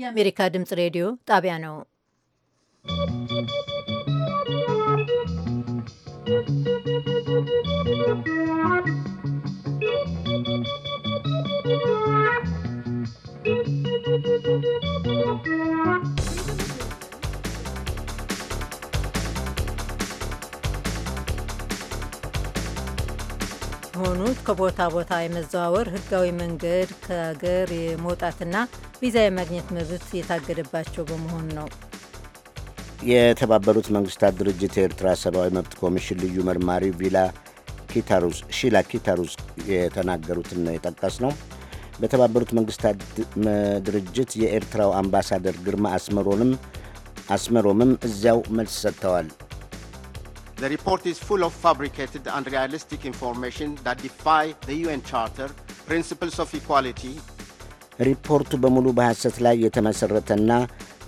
የአሜሪካ ድምፅ ሬዲዮ ጣቢያ ነው። የሆኑት ከቦታ ቦታ የመዘዋወር ህጋዊ መንገድ ከሀገር የመውጣትና ቪዛ የማግኘት መብት የታገደባቸው በመሆኑ ነው። የተባበሩት መንግስታት ድርጅት የኤርትራ ሰብአዊ መብት ኮሚሽን ልዩ መርማሪ ቪላ ኪታሩስ ሺላ ኪታሩስ የተናገሩትን ነው የጠቀስ ነው። በተባበሩት መንግስታት ድርጅት የኤርትራው አምባሳደር ግርማ አስመሮንም አስመሮምም እዚያው መልስ ሰጥተዋል። The report is full of fabricated and realistic information that defy the UN Charter, principles of equality. ሪፖርቱ በሙሉ በሐሰት ላይ የተመሠረተና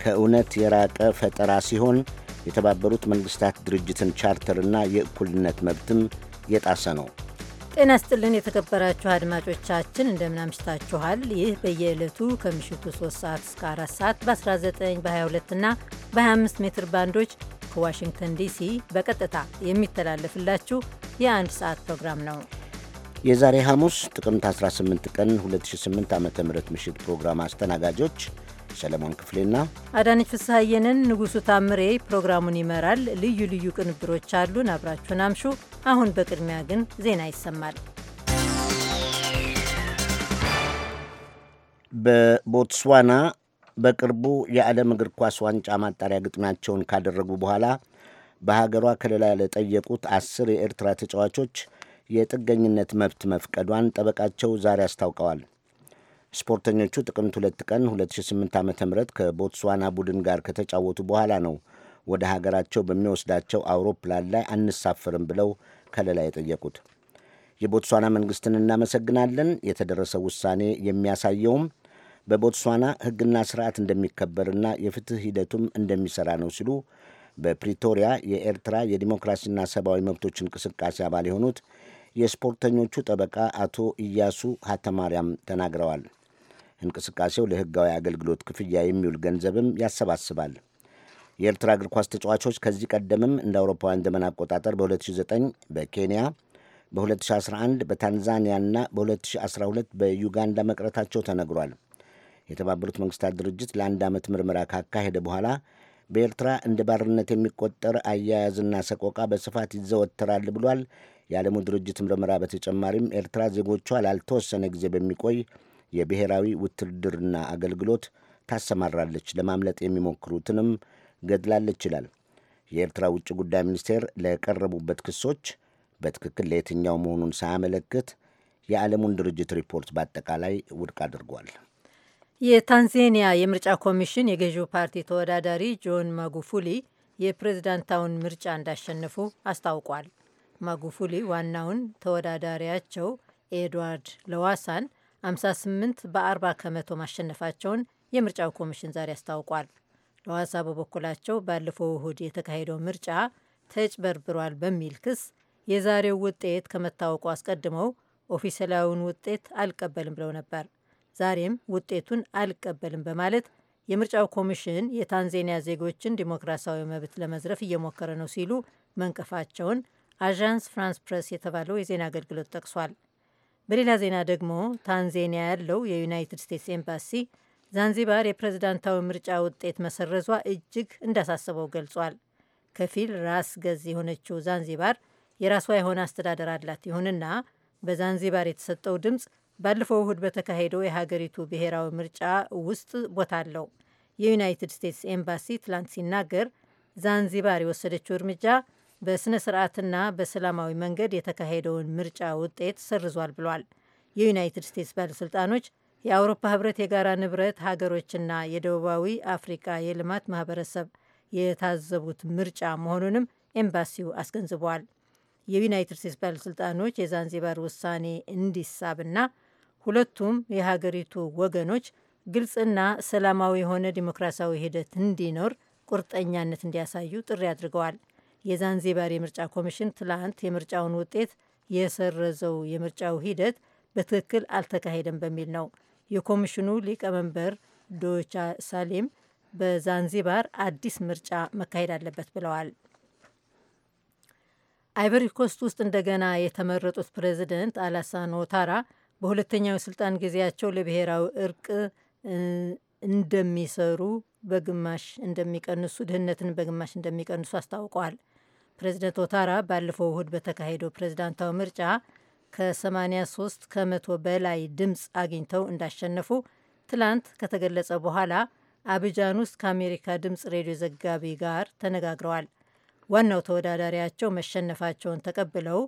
ከእውነት የራቀ ፈጠራ ሲሆን የተባበሩት መንግሥታት ድርጅትን ቻርተርና የእኩልነት መብትም የጣሰ ነው። ጤና ስጥልን የተከበራችሁ አድማጮቻችን እንደምን አምሽታችኋል። ይህ በየዕለቱ ከምሽቱ 3 ሰዓት እስከ 4 ሰዓት በ19 በ22 እና በ25 ሜትር ባንዶች ከዋሽንግተን ዲሲ በቀጥታ የሚተላለፍላችሁ የአንድ ሰዓት ፕሮግራም ነው። የዛሬ ሐሙስ ጥቅምት 18 ቀን 2008 ዓ ም ምሽት ፕሮግራም አስተናጋጆች ሰለሞን ክፍሌና አዳነች ፍስሐየንን። ንጉሱ ታምሬ ፕሮግራሙን ይመራል። ልዩ ልዩ ቅንብሮች አሉን። አብራችሁን አምሹ። አሁን በቅድሚያ ግን ዜና ይሰማል። በቦትስዋና በቅርቡ የዓለም እግር ኳስ ዋንጫ ማጣሪያ ግጥሚያቸውን ካደረጉ በኋላ በሀገሯ ከለላ ለጠየቁት አስር የኤርትራ ተጫዋቾች የጥገኝነት መብት መፍቀዷን ጠበቃቸው ዛሬ አስታውቀዋል። ስፖርተኞቹ ጥቅምት ሁለት ቀን 2008 ዓ ም ከቦትስዋና ቡድን ጋር ከተጫወቱ በኋላ ነው ወደ ሀገራቸው በሚወስዳቸው አውሮፕላን ላይ አንሳፈርም ብለው ከለላ የጠየቁት። የቦትስዋና መንግሥትን እናመሰግናለን። የተደረሰው ውሳኔ የሚያሳየውም በቦትስዋና ሕግና ስርዓት እንደሚከበርና የፍትሕ ሂደቱም እንደሚሠራ ነው ሲሉ በፕሪቶሪያ የኤርትራ የዲሞክራሲና ሰብአዊ መብቶች እንቅስቃሴ አባል የሆኑት የስፖርተኞቹ ጠበቃ አቶ ኢያሱ ሀተማርያም ተናግረዋል። እንቅስቃሴው ለሕጋዊ አገልግሎት ክፍያ የሚውል ገንዘብም ያሰባስባል። የኤርትራ እግር ኳስ ተጫዋቾች ከዚህ ቀደምም እንደ አውሮፓውያን ዘመን አቆጣጠር በ2009 በኬንያ በ2011 በታንዛኒያና በ2012 በዩጋንዳ መቅረታቸው ተነግሯል። የተባበሩት መንግስታት ድርጅት ለአንድ ዓመት ምርመራ ካካሄደ በኋላ በኤርትራ እንደ ባርነት የሚቆጠር አያያዝና ሰቆቃ በስፋት ይዘወተራል ብሏል። የዓለሙ ድርጅት ምርመራ በተጨማሪም ኤርትራ ዜጎቿ ላልተወሰነ ጊዜ በሚቆይ የብሔራዊ ውትድርና አገልግሎት ታሰማራለች፣ ለማምለጥ የሚሞክሩትንም ገድላለች ይላል። የኤርትራ ውጭ ጉዳይ ሚኒስቴር ለቀረቡበት ክሶች በትክክል ለየትኛው መሆኑን ሳያመለክት የዓለሙን ድርጅት ሪፖርት በአጠቃላይ ውድቅ አድርጓል። የታንዜኒያ የምርጫ ኮሚሽን የገዢው ፓርቲ ተወዳዳሪ ጆን ማጉፉሊ የፕሬዝዳንታውን ምርጫ እንዳሸነፉ አስታውቋል። ማጉፉሊ ዋናውን ተወዳዳሪያቸው ኤድዋርድ ለዋሳን 58 በ40 ከመቶ ማሸነፋቸውን የምርጫው ኮሚሽን ዛሬ አስታውቋል። ለዋሳ በበኩላቸው ባለፈው እሁድ የተካሄደው ምርጫ ተጭበርብሯል በሚል ክስ የዛሬው ውጤት ከመታወቁ አስቀድመው ኦፊሴላዊውን ውጤት አልቀበልም ብለው ነበር። ዛሬም ውጤቱን አልቀበልም በማለት የምርጫው ኮሚሽን የታንዜኒያ ዜጎችን ዲሞክራሲያዊ መብት ለመዝረፍ እየሞከረ ነው ሲሉ መንቀፋቸውን አዣንስ ፍራንስ ፕሬስ የተባለው የዜና አገልግሎት ጠቅሷል። በሌላ ዜና ደግሞ ታንዜኒያ ያለው የዩናይትድ ስቴትስ ኤምባሲ ዛንዚባር የፕሬዝዳንታዊ ምርጫ ውጤት መሰረዟ እጅግ እንዳሳሰበው ገልጿል። ከፊል ራስ ገዝ የሆነችው ዛንዚባር የራሷ የሆነ አስተዳደር አላት። ይሁንና በዛንዚባር የተሰጠው ድምፅ ባለፈው እሁድ በተካሄደው የሀገሪቱ ብሔራዊ ምርጫ ውስጥ ቦታ አለው። የዩናይትድ ስቴትስ ኤምባሲ ትላንት ሲናገር ዛንዚባር የወሰደችው እርምጃ በሥነ ስርዓትና በሰላማዊ መንገድ የተካሄደውን ምርጫ ውጤት ሰርዟል ብሏል። የዩናይትድ ስቴትስ ባለሥልጣኖች የአውሮፓ ህብረት የጋራ ንብረት ሀገሮችና የደቡባዊ አፍሪቃ የልማት ማህበረሰብ የታዘቡት ምርጫ መሆኑንም ኤምባሲው አስገንዝበዋል። የዩናይትድ ስቴትስ ባለሥልጣኖች የዛንዚባር ውሳኔ እንዲሳብና ሁለቱም የሀገሪቱ ወገኖች ግልጽና ሰላማዊ የሆነ ዲሞክራሲያዊ ሂደት እንዲኖር ቁርጠኛነት እንዲያሳዩ ጥሪ አድርገዋል። የዛንዚባር የምርጫ ኮሚሽን ትላንት የምርጫውን ውጤት የሰረዘው የምርጫው ሂደት በትክክል አልተካሄደም በሚል ነው። የኮሚሽኑ ሊቀመንበር ዶቻ ሳሌም በዛንዚባር አዲስ ምርጫ መካሄድ አለበት ብለዋል። አይቨሪ ኮስት ውስጥ እንደገና የተመረጡት ፕሬዚደንት አላሳን ኦታራ በሁለተኛው የስልጣን ጊዜያቸው ለብሔራዊ እርቅ እንደሚሰሩ በግማሽ እንደሚቀንሱ ድህነትን በግማሽ እንደሚቀንሱ አስታውቀዋል። ፕሬዚደንት ኦታራ ባለፈው እሁድ በተካሄደው ፕሬዚዳንታዊ ምርጫ ከ83 ከመቶ በላይ ድምፅ አግኝተው እንዳሸነፉ ትላንት ከተገለጸ በኋላ አብጃን ውስጥ ከአሜሪካ ድምፅ ሬዲዮ ዘጋቢ ጋር ተነጋግረዋል። ዋናው ተወዳዳሪያቸው መሸነፋቸውን ተቀብለው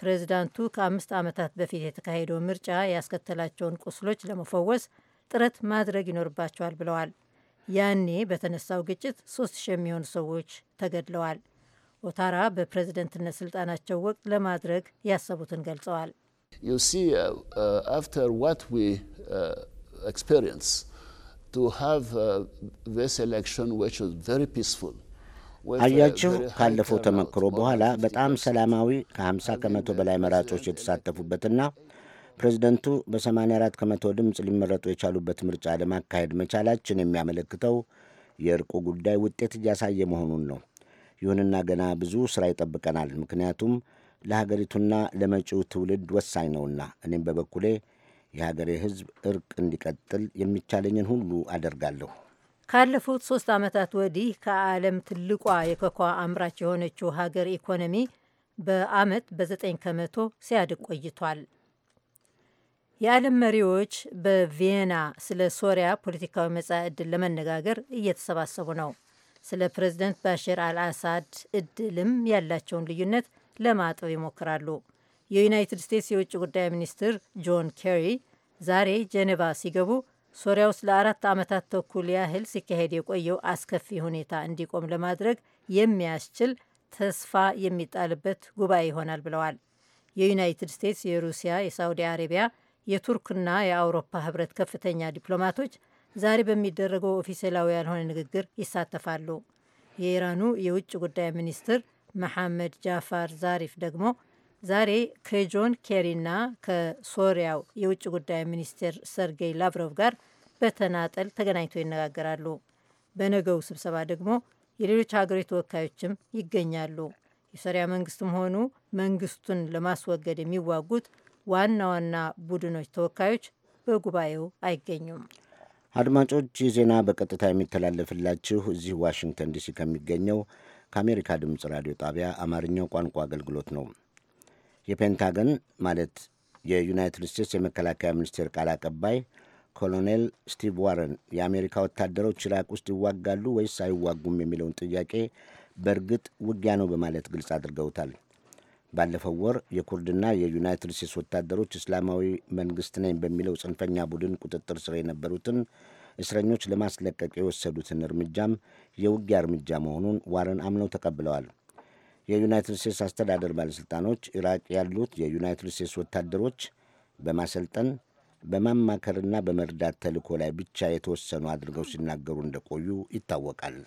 ፕሬዚዳንቱ ከአምስት ዓመታት በፊት የተካሄደው ምርጫ ያስከተላቸውን ቁስሎች ለመፈወስ ጥረት ማድረግ ይኖርባቸዋል ብለዋል። ያኔ በተነሳው ግጭት ሶስት ሺህ የሚሆኑ ሰዎች ተገድለዋል። ኦታራ በፕሬዝደንትነት ስልጣናቸው ወቅት ለማድረግ ያሰቡትን ገልጸዋል። uh, uh, uh, አያችሁ ካለፈው ተመክሮ በኋላ በጣም ሰላማዊ ከ50 ከመቶ በላይ መራጮች የተሳተፉበትና ፕሬዚደንቱ በ84 ከመቶ ድምፅ ሊመረጡ የቻሉበት ምርጫ ለማካሄድ መቻላችን የሚያመለክተው የእርቁ ጉዳይ ውጤት እያሳየ መሆኑን ነው። ይሁንና ገና ብዙ ሥራ ይጠብቀናል። ምክንያቱም ለሀገሪቱና ለመጪው ትውልድ ወሳኝ ነውና እኔም በበኩሌ የሀገሬ ሕዝብ እርቅ እንዲቀጥል የሚቻለኝን ሁሉ አደርጋለሁ። ካለፉት ሶስት ዓመታት ወዲህ ከዓለም ትልቋ የኮካ አምራች የሆነችው ሀገር ኢኮኖሚ በዓመት በዘጠኝ ከመቶ ሲያድግ ቆይቷል። የዓለም መሪዎች በቪየና ስለ ሶሪያ ፖለቲካዊ መጻኢ ዕድል ለመነጋገር እየተሰባሰቡ ነው። ስለ ፕሬዝደንት ባሽር አልአሳድ እድልም ያላቸውን ልዩነት ለማጥብ ይሞክራሉ። የዩናይትድ ስቴትስ የውጭ ጉዳይ ሚኒስትር ጆን ኬሪ ዛሬ ጀኔቫ ሲገቡ ሶሪያ ውስጥ ለአራት ዓመታት ተኩል ያህል ሲካሄድ የቆየው አስከፊ ሁኔታ እንዲቆም ለማድረግ የሚያስችል ተስፋ የሚጣልበት ጉባኤ ይሆናል ብለዋል። የዩናይትድ ስቴትስ፣ የሩሲያ፣ የሳውዲ አረቢያ፣ የቱርክና የአውሮፓ ህብረት ከፍተኛ ዲፕሎማቶች ዛሬ በሚደረገው ኦፊሴላዊ ያልሆነ ንግግር ይሳተፋሉ። የኢራኑ የውጭ ጉዳይ ሚኒስትር መሐመድ ጃፋር ዛሪፍ ደግሞ ዛሬ ከጆን ኬሪና ከሶሪያው የውጭ ጉዳይ ሚኒስትር ሰርጌይ ላቭሮቭ ጋር በተናጠል ተገናኝተው ይነጋገራሉ። በነገው ስብሰባ ደግሞ የሌሎች ሀገሮች ተወካዮችም ይገኛሉ። የሶሪያ መንግስትም ሆኑ መንግስቱን ለማስወገድ የሚዋጉት ዋና ዋና ቡድኖች ተወካዮች በጉባኤው አይገኙም። አድማጮች ይህ ዜና በቀጥታ የሚተላለፍላችሁ እዚህ ዋሽንግተን ዲሲ ከሚገኘው ከአሜሪካ ድምፅ ራዲዮ ጣቢያ አማርኛው ቋንቋ አገልግሎት ነው። የፔንታገን ማለት የዩናይትድ ስቴትስ የመከላከያ ሚኒስቴር ቃል አቀባይ ኮሎኔል ስቲቭ ዋረን የአሜሪካ ወታደሮች ኢራቅ ውስጥ ይዋጋሉ ወይስ አይዋጉም የሚለውን ጥያቄ በእርግጥ ውጊያ ነው በማለት ግልጽ አድርገውታል። ባለፈው ወር የኩርድና የዩናይትድ ስቴትስ ወታደሮች እስላማዊ መንግስት ነኝ በሚለው ጽንፈኛ ቡድን ቁጥጥር ስር የነበሩትን እስረኞች ለማስለቀቅ የወሰዱትን እርምጃም የውጊያ እርምጃ መሆኑን ዋረን አምነው ተቀብለዋል። የዩናይትድ ስቴትስ አስተዳደር ባለሥልጣኖች ኢራቅ ያሉት የዩናይትድ ስቴትስ ወታደሮች በማሰልጠን በማማከርና በመርዳት ተልእኮ ላይ ብቻ የተወሰኑ አድርገው ሲናገሩ እንደቆዩ ይታወቃል።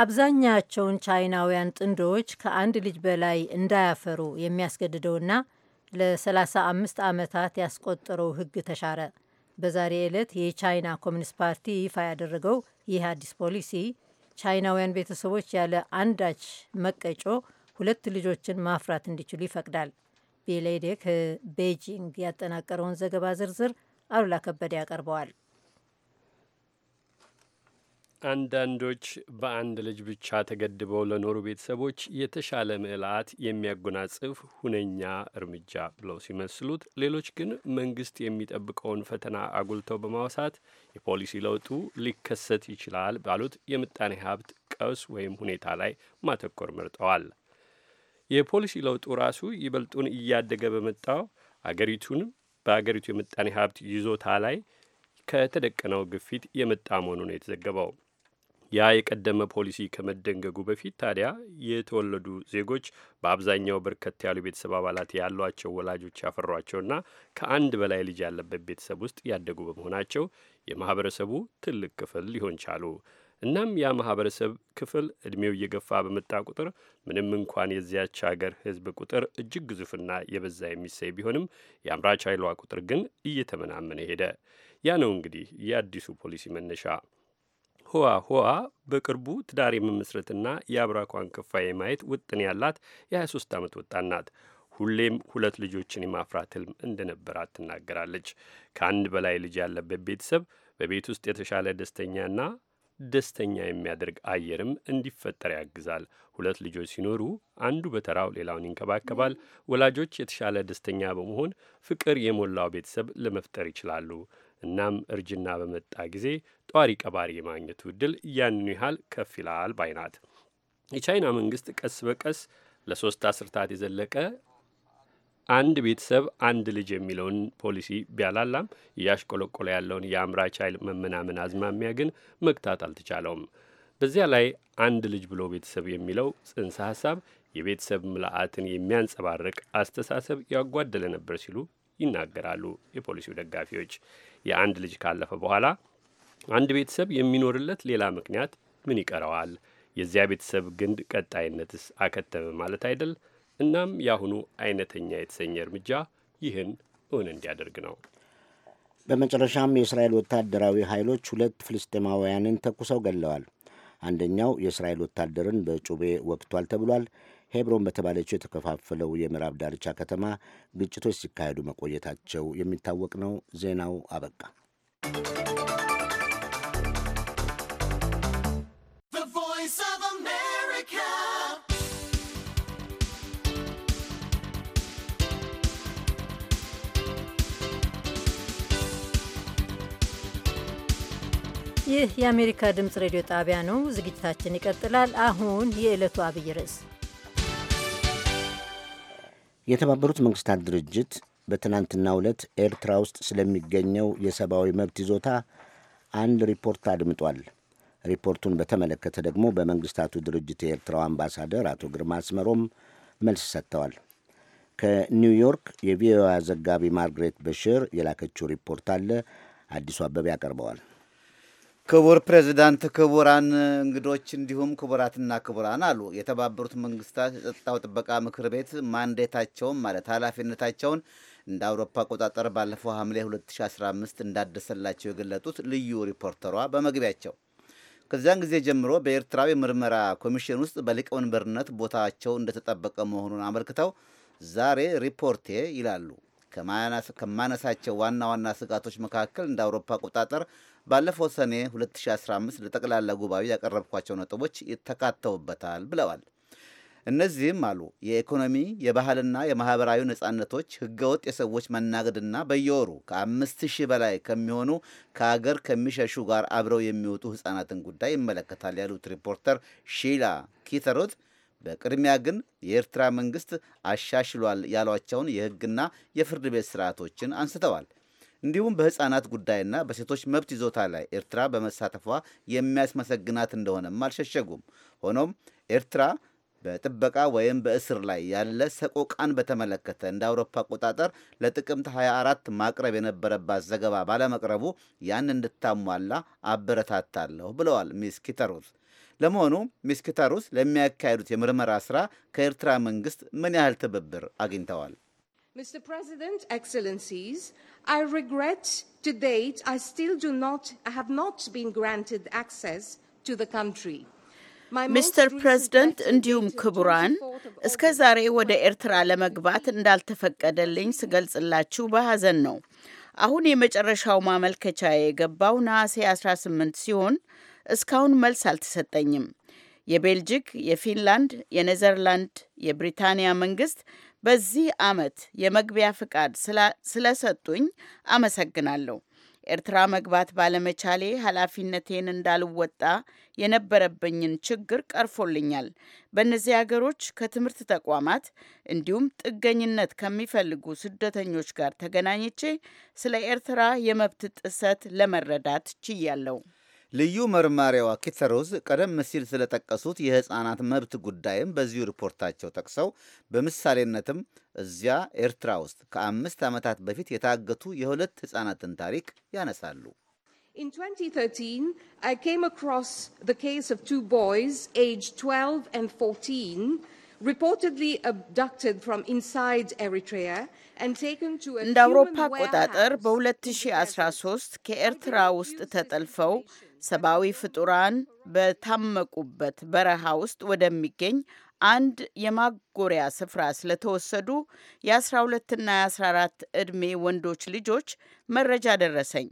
አብዛኛቸውን ቻይናውያን ጥንዶች ከአንድ ልጅ በላይ እንዳያፈሩ የሚያስገድደውና ለ35 ዓመታት ያስቆጠረው ሕግ ተሻረ። በዛሬ ዕለት የቻይና ኮሚኒስት ፓርቲ ይፋ ያደረገው ይህ አዲስ ፖሊሲ ቻይናውያን ቤተሰቦች ያለ አንዳች መቀጮ ሁለት ልጆችን ማፍራት እንዲችሉ ይፈቅዳል። ቤሌዴ ከቤጂንግ ያጠናቀረውን ዘገባ ዝርዝር አሉላ ከበደ ያቀርበዋል። አንዳንዶች በአንድ ልጅ ብቻ ተገድበው ለኖሩ ቤተሰቦች የተሻለ ምዕላት የሚያጎናጽፍ ሁነኛ እርምጃ ብለው ሲመስሉት፣ ሌሎች ግን መንግስት የሚጠብቀውን ፈተና አጉልተው በማውሳት የፖሊሲ ለውጡ ሊከሰት ይችላል ባሉት የምጣኔ ሀብት ቀውስ ወይም ሁኔታ ላይ ማተኮር መርጠዋል። የፖሊሲ ለውጡ ራሱ ይበልጡን እያደገ በመጣው አገሪቱን በአገሪቱ የምጣኔ ሀብት ይዞታ ላይ ከተደቀነው ግፊት የመጣ መሆኑ ነው የተዘገበው። ያ የቀደመ ፖሊሲ ከመደንገጉ በፊት ታዲያ የተወለዱ ዜጎች በአብዛኛው በርከት ያሉ ቤተሰብ አባላት ያሏቸው ወላጆች ያፈሯቸውና ከአንድ በላይ ልጅ ያለበት ቤተሰብ ውስጥ ያደጉ በመሆናቸው የማህበረሰቡ ትልቅ ክፍል ሊሆን ቻሉ። እናም ያ ማህበረሰብ ክፍል እድሜው እየገፋ በመጣ ቁጥር ምንም እንኳን የዚያች ሀገር ሕዝብ ቁጥር እጅግ ግዙፍና የበዛ የሚሰይ ቢሆንም የአምራች ኃይሏ ቁጥር ግን እየተመናመነ ሄደ። ያ ነው እንግዲህ የአዲሱ ፖሊሲ መነሻ። ህዋ ህዋ በቅርቡ ትዳር የመመስረትና የአብራኳን ክፋ የማየት ውጥን ያላት የ23 ዓመት ወጣት ናት። ሁሌም ሁለት ልጆችን የማፍራት ህልም እንደነበራት ትናገራለች። ከአንድ በላይ ልጅ ያለበት ቤተሰብ በቤት ውስጥ የተሻለ ደስተኛና ደስተኛ የሚያደርግ አየርም እንዲፈጠር ያግዛል። ሁለት ልጆች ሲኖሩ አንዱ በተራው ሌላውን ይንከባከባል። ወላጆች የተሻለ ደስተኛ በመሆን ፍቅር የሞላው ቤተሰብ ለመፍጠር ይችላሉ። እናም እርጅና በመጣ ጊዜ ጧሪ ቀባሪ የማግኘቱ ዕድል ያንኑ ያህል ከፍ ይላል ባይናት። የቻይና መንግስት ቀስ በቀስ ለሶስት አስርታት የዘለቀ አንድ ቤተሰብ አንድ ልጅ የሚለውን ፖሊሲ ቢያላላም እያሽቆለቆለ ያለውን የአምራች ኃይል መመናመን አዝማሚያ ግን መግታት አልተቻለውም። በዚያ ላይ አንድ ልጅ ብሎ ቤተሰብ የሚለው ጽንሰ ሀሳብ የቤተሰብ ምልአትን የሚያንጸባርቅ አስተሳሰብ ያጓደለ ነበር ሲሉ ይናገራሉ የፖሊሲው ደጋፊዎች። የአንድ ልጅ ካለፈ በኋላ አንድ ቤተሰብ የሚኖርለት ሌላ ምክንያት ምን ይቀረዋል? የዚያ ቤተሰብ ግንድ ቀጣይነትስ አከተመ ማለት አይደል? እናም የአሁኑ አይነተኛ የተሰኘ እርምጃ ይህን እውን እንዲያደርግ ነው። በመጨረሻም የእስራኤል ወታደራዊ ኃይሎች ሁለት ፍልስጤማውያንን ተኩሰው ገለዋል። አንደኛው የእስራኤል ወታደርን በጩቤ ወቅቷል ተብሏል። ሄብሮን በተባለችው የተከፋፈለው የምዕራብ ዳርቻ ከተማ ግጭቶች ሲካሄዱ መቆየታቸው የሚታወቅ ነው። ዜናው አበቃ። ይህ የአሜሪካ ድምፅ ሬዲዮ ጣቢያ ነው። ዝግጅታችን ይቀጥላል። አሁን የዕለቱ አብይ ርዕስ የተባበሩት መንግስታት ድርጅት በትናንትና ዕለት ኤርትራ ውስጥ ስለሚገኘው የሰብአዊ መብት ይዞታ አንድ ሪፖርት አድምጧል። ሪፖርቱን በተመለከተ ደግሞ በመንግስታቱ ድርጅት የኤርትራው አምባሳደር አቶ ግርማ አስመሮም መልስ ሰጥተዋል። ከኒውዮርክ የቪኦኤ ዘጋቢ ማርግሬት በሽር የላከችው ሪፖርት አለ። አዲሱ አበበ ያቀርበዋል። ክቡር ፕሬዚዳንት፣ ክቡራን እንግዶች እንዲሁም ክቡራትና ክቡራን አሉ የተባበሩት መንግስታት የጸጥታው ጥበቃ ምክር ቤት ማንዴታቸውን ማለት ኃላፊነታቸውን እንደ አውሮፓ አቆጣጠር ባለፈው ሐምሌ 2015 እንዳደሰላቸው የገለጡት ልዩ ሪፖርተሯ በመግቢያቸው ከዚያን ጊዜ ጀምሮ በኤርትራዊ ምርመራ ኮሚሽን ውስጥ በሊቀመንበርነት ቦታቸው እንደተጠበቀ መሆኑን አመልክተው ዛሬ ሪፖርቴ ይላሉ ከማነሳቸው ዋና ዋና ስጋቶች መካከል እንደ አውሮፓ አቆጣጠር ባለፈው ሰኔ 2015 ለጠቅላላ ጉባኤ ያቀረብኳቸው ነጥቦች ይተካተውበታል ብለዋል። እነዚህም አሉ የኢኮኖሚ የባህልና የማህበራዊ ነጻነቶች፣ ህገወጥ የሰዎች መናገድና በየወሩ ከአምስት ሺህ በላይ ከሚሆኑ ከሀገር ከሚሸሹ ጋር አብረው የሚወጡ ህጻናትን ጉዳይ ይመለከታል ያሉት ሪፖርተር ሺላ ኪተሮት በቅድሚያ ግን የኤርትራ መንግስት አሻሽሏል ያሏቸውን የህግና የፍርድ ቤት ስርዓቶችን አንስተዋል። እንዲሁም በህፃናት ጉዳይና በሴቶች መብት ይዞታ ላይ ኤርትራ በመሳተፏ የሚያስመሰግናት እንደሆነም አልሸሸጉም። ሆኖም ኤርትራ በጥበቃ ወይም በእስር ላይ ያለ ሰቆቃን በተመለከተ እንደ አውሮፓ አቆጣጠር ለጥቅምት 24 ማቅረብ የነበረባት ዘገባ ባለመቅረቡ ያን እንድታሟላ አበረታታለሁ ብለዋል ሚስ ኪተሩስ። ለመሆኑ ሚስ ኪተሩስ ለሚያካሄዱት የምርመራ ስራ ከኤርትራ መንግስት ምን ያህል ትብብር አግኝተዋል? Mr. President, Excellencies, I regret to date I still do not have not been granted access to the country. ሚስተር ፕሬዝደንት እንዲሁም ክቡራን እስከ ዛሬ ወደ ኤርትራ ለመግባት እንዳልተፈቀደልኝ ስገልጽላችሁ በሐዘን ነው። አሁን የመጨረሻው ማመልከቻ የገባው ነሐሴ 18 ሲሆን እስካሁን መልስ አልተሰጠኝም። የቤልጂክ፣ የፊንላንድ፣ የኔዘርላንድ፣ የብሪታንያ መንግስት በዚህ ዓመት የመግቢያ ፍቃድ ስለሰጡኝ አመሰግናለሁ። ኤርትራ መግባት ባለመቻሌ ኃላፊነቴን እንዳልወጣ የነበረብኝን ችግር ቀርፎልኛል። በእነዚህ ሀገሮች ከትምህርት ተቋማት እንዲሁም ጥገኝነት ከሚፈልጉ ስደተኞች ጋር ተገናኝቼ ስለ ኤርትራ የመብት ጥሰት ለመረዳት ችያለሁ። ልዩ መርማሪዋ ኪተሮዝ ቀደም ሲል ስለጠቀሱት የሕፃናት መብት ጉዳይም በዚሁ ሪፖርታቸው ጠቅሰው በምሳሌነትም እዚያ ኤርትራ ውስጥ ከአምስት ዓመታት በፊት የታገቱ የሁለት ሕፃናትን ታሪክ ያነሳሉ። In 2013, I came across the case of two boys, aged 12 and 14, reportedly abducted from inside Eritrea and taken to a እንደ አውሮፓ አቆጣጠር በ2013 ከኤርትራ ውስጥ ተጠልፈው ሰብአዊ ፍጡራን በታመቁበት በረሃ ውስጥ ወደሚገኝ አንድ የማጎሪያ ስፍራ ስለተወሰዱ የ12ና የ14 ዕድሜ ወንዶች ልጆች መረጃ ደረሰኝ።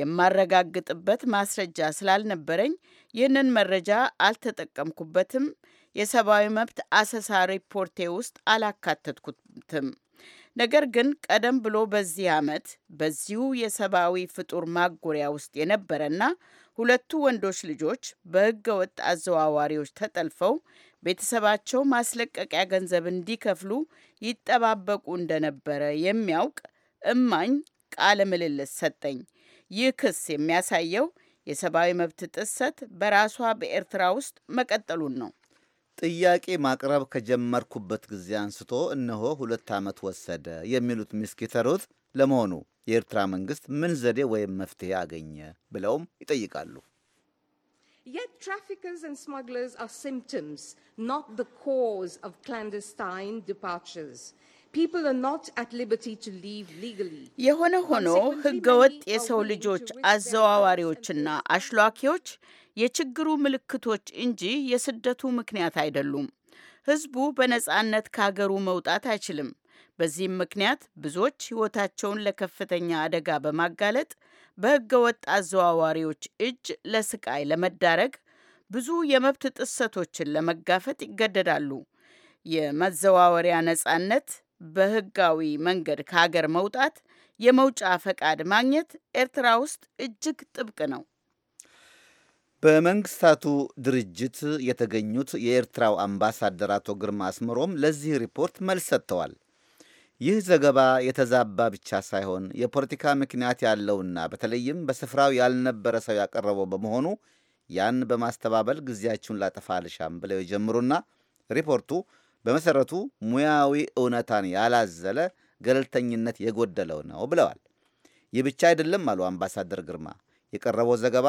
የማረጋግጥበት ማስረጃ ስላልነበረኝ ይህንን መረጃ አልተጠቀምኩበትም። የሰብአዊ መብት አሰሳ ሪፖርቴ ውስጥ አላካተትኩትም። ነገር ግን ቀደም ብሎ በዚህ ዓመት በዚሁ የሰብአዊ ፍጡር ማጎሪያ ውስጥ የነበረና ሁለቱ ወንዶች ልጆች በህገ ወጥ አዘዋዋሪዎች ተጠልፈው ቤተሰባቸው ማስለቀቂያ ገንዘብ እንዲከፍሉ ይጠባበቁ እንደነበረ የሚያውቅ እማኝ ቃለ ምልልስ ሰጠኝ። ይህ ክስ የሚያሳየው የሰብአዊ መብት ጥሰት በራሷ በኤርትራ ውስጥ መቀጠሉን ነው። ጥያቄ ማቅረብ ከጀመርኩበት ጊዜ አንስቶ እነሆ ሁለት ዓመት ወሰደ የሚሉት ሚስኪተሩት ለመሆኑ የኤርትራ መንግስት ምን ዘዴ ወይም መፍትሄ አገኘ ብለውም ይጠይቃሉ። Yet traffickers and smugglers are symptoms, not the cause of clandestine departures. የሆነ ሆኖ ህገወጥ የሰው ልጆች አዘዋዋሪዎችና አሽሏኪዎች የችግሩ ምልክቶች እንጂ የስደቱ ምክንያት አይደሉም። ህዝቡ በነጻነት ከሀገሩ መውጣት አይችልም። በዚህም ምክንያት ብዙዎች ሕይወታቸውን ለከፍተኛ አደጋ በማጋለጥ በሕገ ወጥ አዘዋዋሪዎች እጅ ለስቃይ ለመዳረግ ብዙ የመብት ጥሰቶችን ለመጋፈጥ ይገደዳሉ። የመዘዋወሪያ ነጻነት፣ በሕጋዊ መንገድ ከሀገር መውጣት፣ የመውጫ ፈቃድ ማግኘት ኤርትራ ውስጥ እጅግ ጥብቅ ነው። በመንግስታቱ ድርጅት የተገኙት የኤርትራው አምባሳደር አቶ ግርማ አስመሮም ለዚህ ሪፖርት መልስ ሰጥተዋል። ይህ ዘገባ የተዛባ ብቻ ሳይሆን የፖለቲካ ምክንያት ያለውና በተለይም በስፍራው ያልነበረ ሰው ያቀረበው በመሆኑ ያን በማስተባበል ጊዜያችሁን ላጠፋ አልሻም ብለው የጀምሩና ሪፖርቱ በመሰረቱ ሙያዊ እውነታን ያላዘለ ገለልተኝነት የጎደለው ነው ብለዋል። ይህ ብቻ አይደለም አሉ አምባሳደር ግርማ። የቀረበው ዘገባ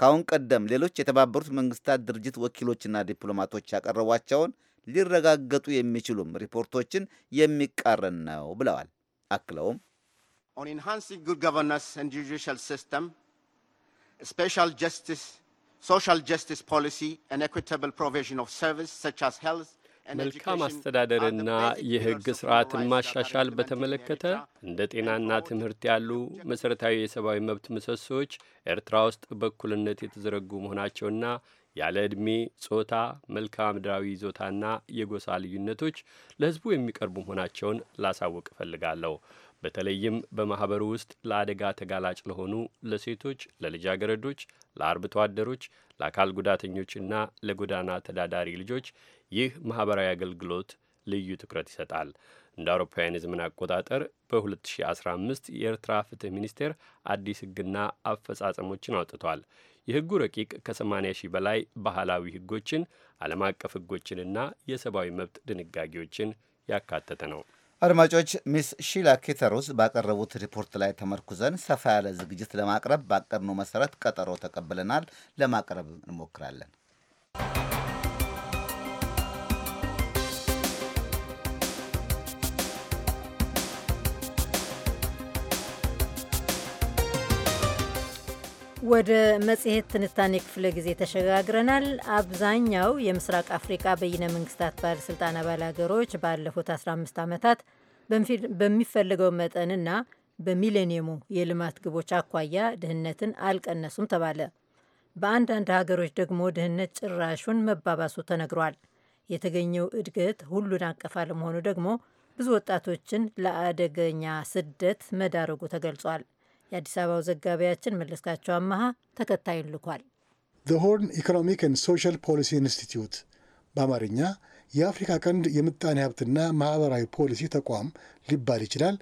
ከአሁን ቀደም ሌሎች የተባበሩት መንግስታት ድርጅት ወኪሎችና ዲፕሎማቶች ያቀረቧቸውን ሊረጋገጡ የሚችሉም ሪፖርቶችን የሚቃረን ነው ብለዋል። አክለውም መልካም አስተዳደርና የሕግ ስርዓትን ማሻሻል በተመለከተ እንደ ጤናና ትምህርት ያሉ መሠረታዊ የሰብአዊ መብት ምሰሶዎች ኤርትራ ውስጥ በእኩልነት የተዘረጉ መሆናቸውና ያለ ዕድሜ፣ ጾታ፣ መልክዓ ምድራዊ ይዞታና የጎሳ ልዩነቶች ለሕዝቡ የሚቀርቡ መሆናቸውን ላሳውቅ እፈልጋለሁ። በተለይም በማኅበሩ ውስጥ ለአደጋ ተጋላጭ ለሆኑ ለሴቶች፣ ለልጃገረዶች፣ ለአርብቶ አደሮች፣ ለአካል ጉዳተኞችና ለጎዳና ተዳዳሪ ልጆች ይህ ማኅበራዊ አገልግሎት ልዩ ትኩረት ይሰጣል። እንደ አውሮፓውያን የዘመን አቆጣጠር በ2015 የኤርትራ ፍትሕ ሚኒስቴር አዲስ ሕግና አፈጻጸሞችን አውጥቷል። የህጉ ረቂቅ ከ80 ሺህ በላይ ባህላዊ ህጎችን ዓለም አቀፍ ህጎችንና የሰብአዊ መብት ድንጋጌዎችን ያካተተ ነው። አድማጮች፣ ሚስ ሺላ ኬተሩስ ባቀረቡት ሪፖርት ላይ ተመርኩዘን ሰፋ ያለ ዝግጅት ለማቅረብ ባቀድነው መሰረት ቀጠሮ ተቀብለናል። ለማቅረብ እንሞክራለን። ወደ መጽሔት ትንታኔ ክፍለ ጊዜ ተሸጋግረናል። አብዛኛው የምስራቅ አፍሪቃ በይነ መንግስታት ባለሥልጣን አባል ሀገሮች ባለፉት 15 ዓመታት በሚፈልገው መጠንና በሚሌኒየሙ የልማት ግቦች አኳያ ድህነትን አልቀነሱም ተባለ። በአንዳንድ ሀገሮች ደግሞ ድህነት ጭራሹን መባባሱ ተነግሯል። የተገኘው እድገት ሁሉን አቀፍ አለመሆኑ ደግሞ ብዙ ወጣቶችን ለአደገኛ ስደት መዳረጉ ተገልጿል። የአዲስ አበባው ዘጋቢያችን መለስካቸው አመሃ ተከታዩን ልኳል። ዘሆርን ኢኮኖሚክ ን ሶሻል ፖሊሲ ኢንስቲትዩት በአማርኛ የአፍሪካ ቀንድ የምጣኔ ሀብትና ማህበራዊ ፖሊሲ ተቋም ሊባል ይችላል።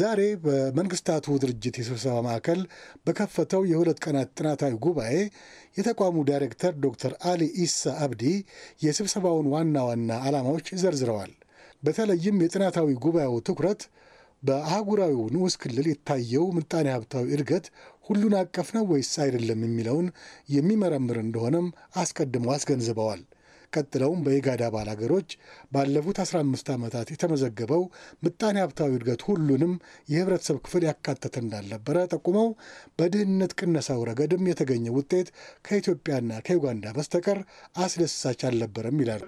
ዛሬ በመንግስታቱ ድርጅት የስብሰባ ማዕከል በከፈተው የሁለት ቀናት ጥናታዊ ጉባኤ የተቋሙ ዳይሬክተር ዶክተር አሊ ኢሳ አብዲ የስብሰባውን ዋና ዋና ዓላማዎች ዘርዝረዋል። በተለይም የጥናታዊ ጉባኤው ትኩረት በአህጉራዊው ንዑስ ክልል የታየው ምጣኔ ሀብታዊ እድገት ሁሉን አቀፍ ነው ወይስ አይደለም የሚለውን የሚመረምር እንደሆነም አስቀድሞ አስገንዝበዋል። ቀጥለውም በኢጋድ አባል አገሮች ባለፉት 15 ዓመታት የተመዘገበው ምጣኔ ሀብታዊ እድገት ሁሉንም የህብረተሰብ ክፍል ያካተተ እንዳልነበረ ጠቁመው በድህነት ቅነሳው ረገድም የተገኘ ውጤት ከኢትዮጵያና ከዩጋንዳ በስተቀር አስደሳች አልነበረም ይላል።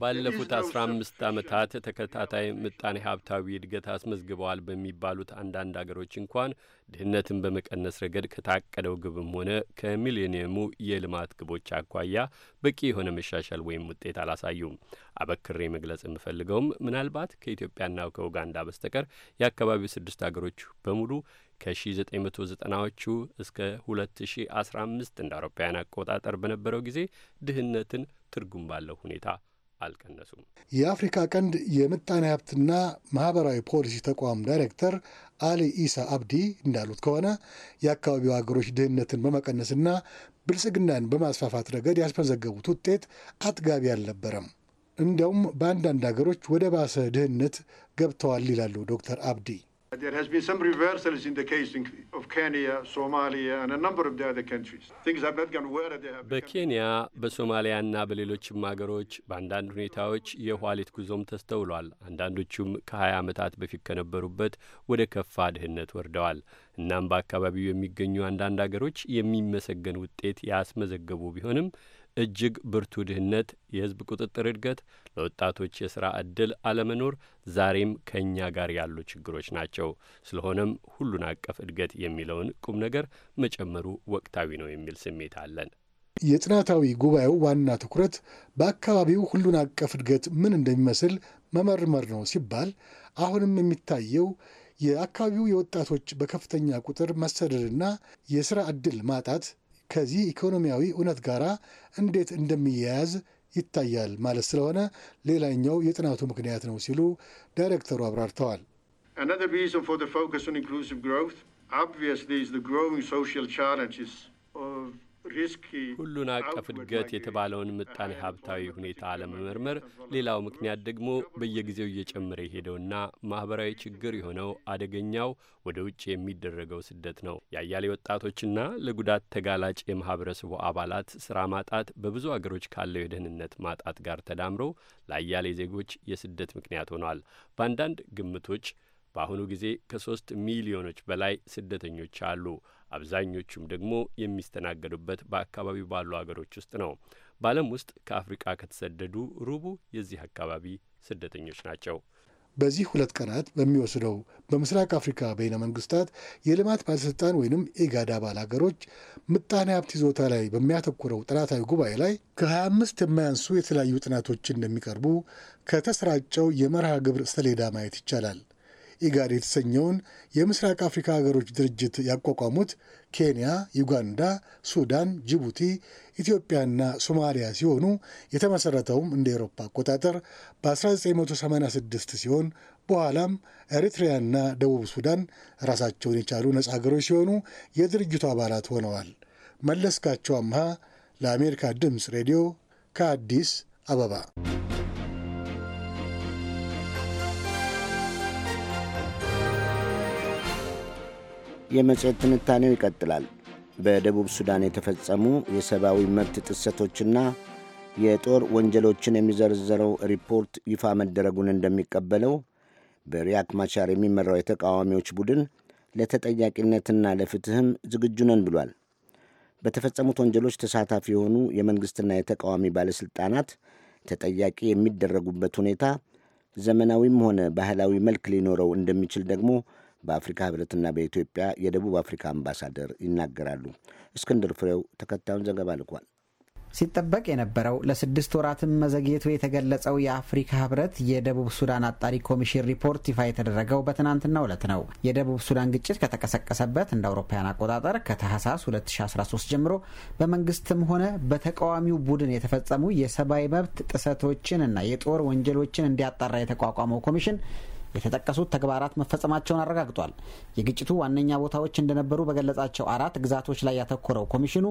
ባለፉት 15 ዓመታት ተከታታይ ምጣኔ ሀብታዊ እድገት አስመዝግበዋል በሚባሉት አንዳንድ አገሮች እንኳን ድህነትን በመቀነስ ረገድ ከታቀደው ግብም ሆነ ከሚሊኒየሙ የልማት ግቦች አኳያ በቂ የሆነ መሻሻል ወይም ውጤት አላሳዩም። አበክሬ መግለጽ የምፈልገውም ምናልባት ከኢትዮጵያና ከኡጋንዳ በስተቀር የአካባቢው ስድስት አገሮች በሙሉ ከ1990ዎቹ እስከ 2015 እንደ አውሮፓውያን አቆጣጠር በነበረው ጊዜ ድህነትን ትርጉም ባለው ሁኔታ አልቀነሱም። የአፍሪካ ቀንድ የምጣኔ ሀብትና ማህበራዊ ፖሊሲ ተቋም ዳይሬክተር አሊ ኢሳ አብዲ እንዳሉት ከሆነ የአካባቢው ሀገሮች ድህነትን በመቀነስና ብልጽግናን በማስፋፋት ረገድ ያስመዘገቡት ውጤት አጥጋቢ አልነበረም። እንደውም በአንዳንድ ሀገሮች ወደ ባሰ ድህነት ገብተዋል ይላሉ ዶክተር አብዲ። There has been some reversals in the case of Kenya, Somalia, and a number of the other countries. Things have not gone where they have በኬንያ በሶማሊያና በሌሎችም ሀገሮች በአንዳንድ ሁኔታዎች የኋሊት ጉዞም ተስተውሏል። አንዳንዶቹም ከ20 ዓመታት በፊት ከነበሩበት ወደ ከፋ ድህነት ወርደዋል። እናም በአካባቢው የሚገኙ አንዳንድ አገሮች የሚመሰገን ውጤት ያስመዘገቡ ቢሆንም እጅግ ብርቱ ድህነት፣ የህዝብ ቁጥጥር እድገት፣ ለወጣቶች የሥራ ዕድል አለመኖር ዛሬም ከእኛ ጋር ያሉ ችግሮች ናቸው። ስለሆነም ሁሉን አቀፍ እድገት የሚለውን ቁም ነገር መጨመሩ ወቅታዊ ነው የሚል ስሜት አለን። የጥናታዊ ጉባኤው ዋና ትኩረት በአካባቢው ሁሉን አቀፍ እድገት ምን እንደሚመስል መመርመር ነው ሲባል አሁንም የሚታየው የአካባቢው የወጣቶች በከፍተኛ ቁጥር መሰደድና የሥራ ዕድል ማጣት ከዚህ ኢኮኖሚያዊ እውነት ጋር እንዴት እንደሚያያዝ ይታያል ማለት ስለሆነ ሌላኛው የጥናቱ ምክንያት ነው ሲሉ ዳይሬክተሩ አብራርተዋል። ሁሉን አቀፍ እድገት የተባለውን ምጣኔ ሀብታዊ ሁኔታ ለመመርመር ሌላው ምክንያት ደግሞ በየጊዜው እየጨመረ የሄደውና ማኅበራዊ ችግር የሆነው አደገኛው ወደ ውጭ የሚደረገው ስደት ነው። የአያሌ ወጣቶችና ለጉዳት ተጋላጭ የማህበረሰቡ አባላት ስራ ማጣት በብዙ አገሮች ካለው የደህንነት ማጣት ጋር ተዳምሮ ለአያሌ ዜጎች የስደት ምክንያት ሆኗል። በአንዳንድ ግምቶች በአሁኑ ጊዜ ከሶስት ሚሊዮኖች በላይ ስደተኞች አሉ። አብዛኞቹም ደግሞ የሚስተናገዱበት በአካባቢው ባሉ አገሮች ውስጥ ነው። በዓለም ውስጥ ከአፍሪቃ ከተሰደዱ ሩቡ የዚህ አካባቢ ስደተኞች ናቸው። በዚህ ሁለት ቀናት በሚወስደው በምስራቅ አፍሪካ በይነ መንግስታት የልማት ባለስልጣን ወይም ኢጋድ አባል ሀገሮች ምጣኔ ሀብት ይዞታ ላይ በሚያተኩረው ጥናታዊ ጉባኤ ላይ ከ25 የማያንሱ የተለያዩ ጥናቶች እንደሚቀርቡ ከተሰራጨው የመርሃ ግብር ሰሌዳ ማየት ይቻላል። ኢጋድ የተሰኘውን የምስራቅ አፍሪካ ሀገሮች ድርጅት ያቋቋሙት ኬንያ፣ ዩጋንዳ፣ ሱዳን፣ ጅቡቲ፣ ኢትዮጵያና ሶማሊያ ሲሆኑ የተመሠረተውም እንደ ኤሮፓ አቆጣጠር በ1986 ሲሆን በኋላም ኤሪትሪያና ደቡብ ሱዳን ራሳቸውን የቻሉ ነፃ ሀገሮች ሲሆኑ የድርጅቱ አባላት ሆነዋል። መለስካቸው አምሃ ለአሜሪካ ድምፅ ሬዲዮ ከአዲስ አበባ የመጽሔት ትንታኔው ይቀጥላል። በደቡብ ሱዳን የተፈጸሙ የሰብአዊ መብት ጥሰቶችና የጦር ወንጀሎችን የሚዘረዘረው ሪፖርት ይፋ መደረጉን እንደሚቀበለው በሪያክ ማቻር የሚመራው የተቃዋሚዎች ቡድን ለተጠያቂነትና ለፍትህም ዝግጁ ነን ብሏል። በተፈጸሙት ወንጀሎች ተሳታፊ የሆኑ የመንግሥትና የተቃዋሚ ባለሥልጣናት ተጠያቂ የሚደረጉበት ሁኔታ ዘመናዊም ሆነ ባህላዊ መልክ ሊኖረው እንደሚችል ደግሞ በአፍሪካ ህብረትና በኢትዮጵያ የደቡብ አፍሪካ አምባሳደር ይናገራሉ። እስክንድር ፍሬው ተከታዩን ዘገባ ልኳል። ሲጠበቅ የነበረው ለስድስት ወራትም መዘግየቱ የተገለጸው የአፍሪካ ህብረት የደቡብ ሱዳን አጣሪ ኮሚሽን ሪፖርት ይፋ የተደረገው በትናንትናው ዕለት ነው። የደቡብ ሱዳን ግጭት ከተቀሰቀሰበት እንደ አውሮፓውያን አቆጣጠር ከታህሳስ 2013 ጀምሮ በመንግስትም ሆነ በተቃዋሚው ቡድን የተፈጸሙ የሰብአዊ መብት ጥሰቶችን እና የጦር ወንጀሎችን እንዲያጣራ የተቋቋመው ኮሚሽን የተጠቀሱት ተግባራት መፈጸማቸውን አረጋግጧል። የግጭቱ ዋነኛ ቦታዎች እንደነበሩ በገለጻቸው አራት ግዛቶች ላይ ያተኮረው ኮሚሽኑ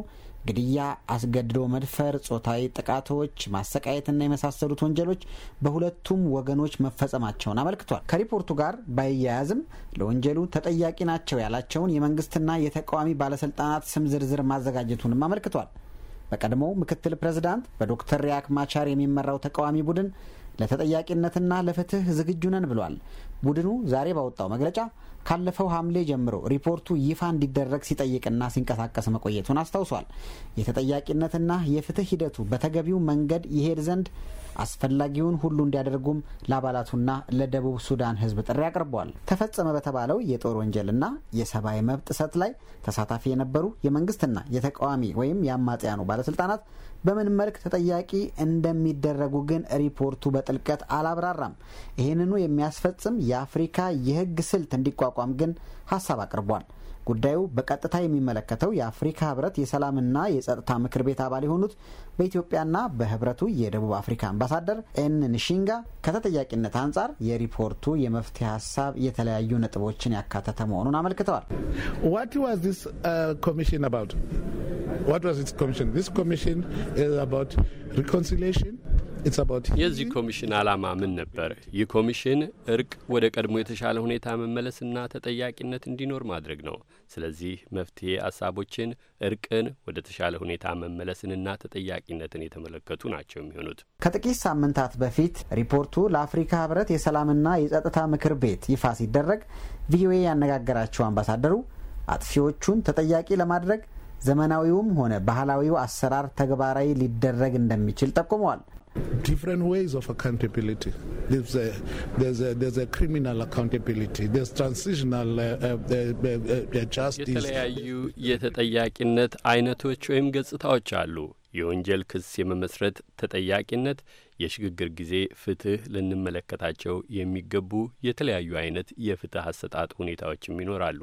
ግድያ፣ አስገድዶ መድፈር፣ ጾታዊ ጥቃቶች፣ ማሰቃየትና የመሳሰሉት ወንጀሎች በሁለቱም ወገኖች መፈጸማቸውን አመልክቷል። ከሪፖርቱ ጋር ባያያዝም ለወንጀሉ ተጠያቂ ናቸው ያላቸውን የመንግስትና የተቃዋሚ ባለስልጣናት ስም ዝርዝር ማዘጋጀቱንም አመልክቷል። በቀድሞው ምክትል ፕሬዝዳንት በዶክተር ሪያክ ማቻር የሚመራው ተቃዋሚ ቡድን ለተጠያቂነትና ለፍትህ ዝግጁ ነን ብሏል። ቡድኑ ዛሬ ባወጣው መግለጫ ካለፈው ሐምሌ ጀምሮ ሪፖርቱ ይፋ እንዲደረግ ሲጠይቅና ሲንቀሳቀስ መቆየቱን አስታውሷል። የተጠያቂነትና የፍትህ ሂደቱ በተገቢው መንገድ ይሄድ ዘንድ አስፈላጊውን ሁሉ እንዲያደርጉም ለአባላቱና ለደቡብ ሱዳን ሕዝብ ጥሪ አቅርበዋል። ተፈጸመ በተባለው የጦር ወንጀልና የሰብአዊ መብት ጥሰት ላይ ተሳታፊ የነበሩ የመንግስትና የተቃዋሚ ወይም የአማጽያኑ ባለስልጣናት በምን መልክ ተጠያቂ እንደሚደረጉ ግን ሪፖርቱ በጥልቀት አላብራራም። ይህንኑ የሚያስፈጽም የአፍሪካ የህግ ስልት እንዲቋቋም ግን ሀሳብ አቅርቧል። ጉዳዩ በቀጥታ የሚመለከተው የአፍሪካ ህብረት የሰላምና የጸጥታ ምክር ቤት አባል የሆኑት በኢትዮጵያና በህብረቱ የደቡብ አፍሪካ አምባሳደር ኤን ንሺንጋ ከተጠያቂነት አንጻር የሪፖርቱ የመፍትሄ ሀሳብ የተለያዩ ነጥቦችን ያካተተ መሆኑን አመልክተዋል። uh, የዚህ ኮሚሽን ዓላማ ምን ነበር? ይህ ኮሚሽን እርቅ፣ ወደ ቀድሞ የተሻለ ሁኔታ መመለስና ተጠያቂነት እንዲኖር ማድረግ ነው። ስለዚህ መፍትሄ ሀሳቦችን፣ እርቅን፣ ወደ ተሻለ ሁኔታ መመለስንና ተጠያቂነትን የተመለከቱ ናቸው የሚሆኑት። ከጥቂት ሳምንታት በፊት ሪፖርቱ ለአፍሪካ ህብረት የሰላምና የጸጥታ ምክር ቤት ይፋ ሲደረግ ቪኦኤ ያነጋገራቸው አምባሳደሩ አጥፊዎቹን ተጠያቂ ለማድረግ ዘመናዊውም ሆነ ባህላዊው አሰራር ተግባራዊ ሊደረግ እንደሚችል ጠቁመዋል። different ways of accountability. There's a, there's a, there's a criminal accountability. There's transitional uh, uh, uh, justice. የተለያዩ የተጠያቂነት አይነቶች ወይም ገጽታዎች አሉ። የወንጀል ክስ የመመስረት ተጠያቂነት፣ የሽግግር ጊዜ ፍትህ ልንመለከታቸው የሚገቡ የተለያዩ አይነት የፍትህ አሰጣጥ ሁኔታዎችም ይኖራሉ።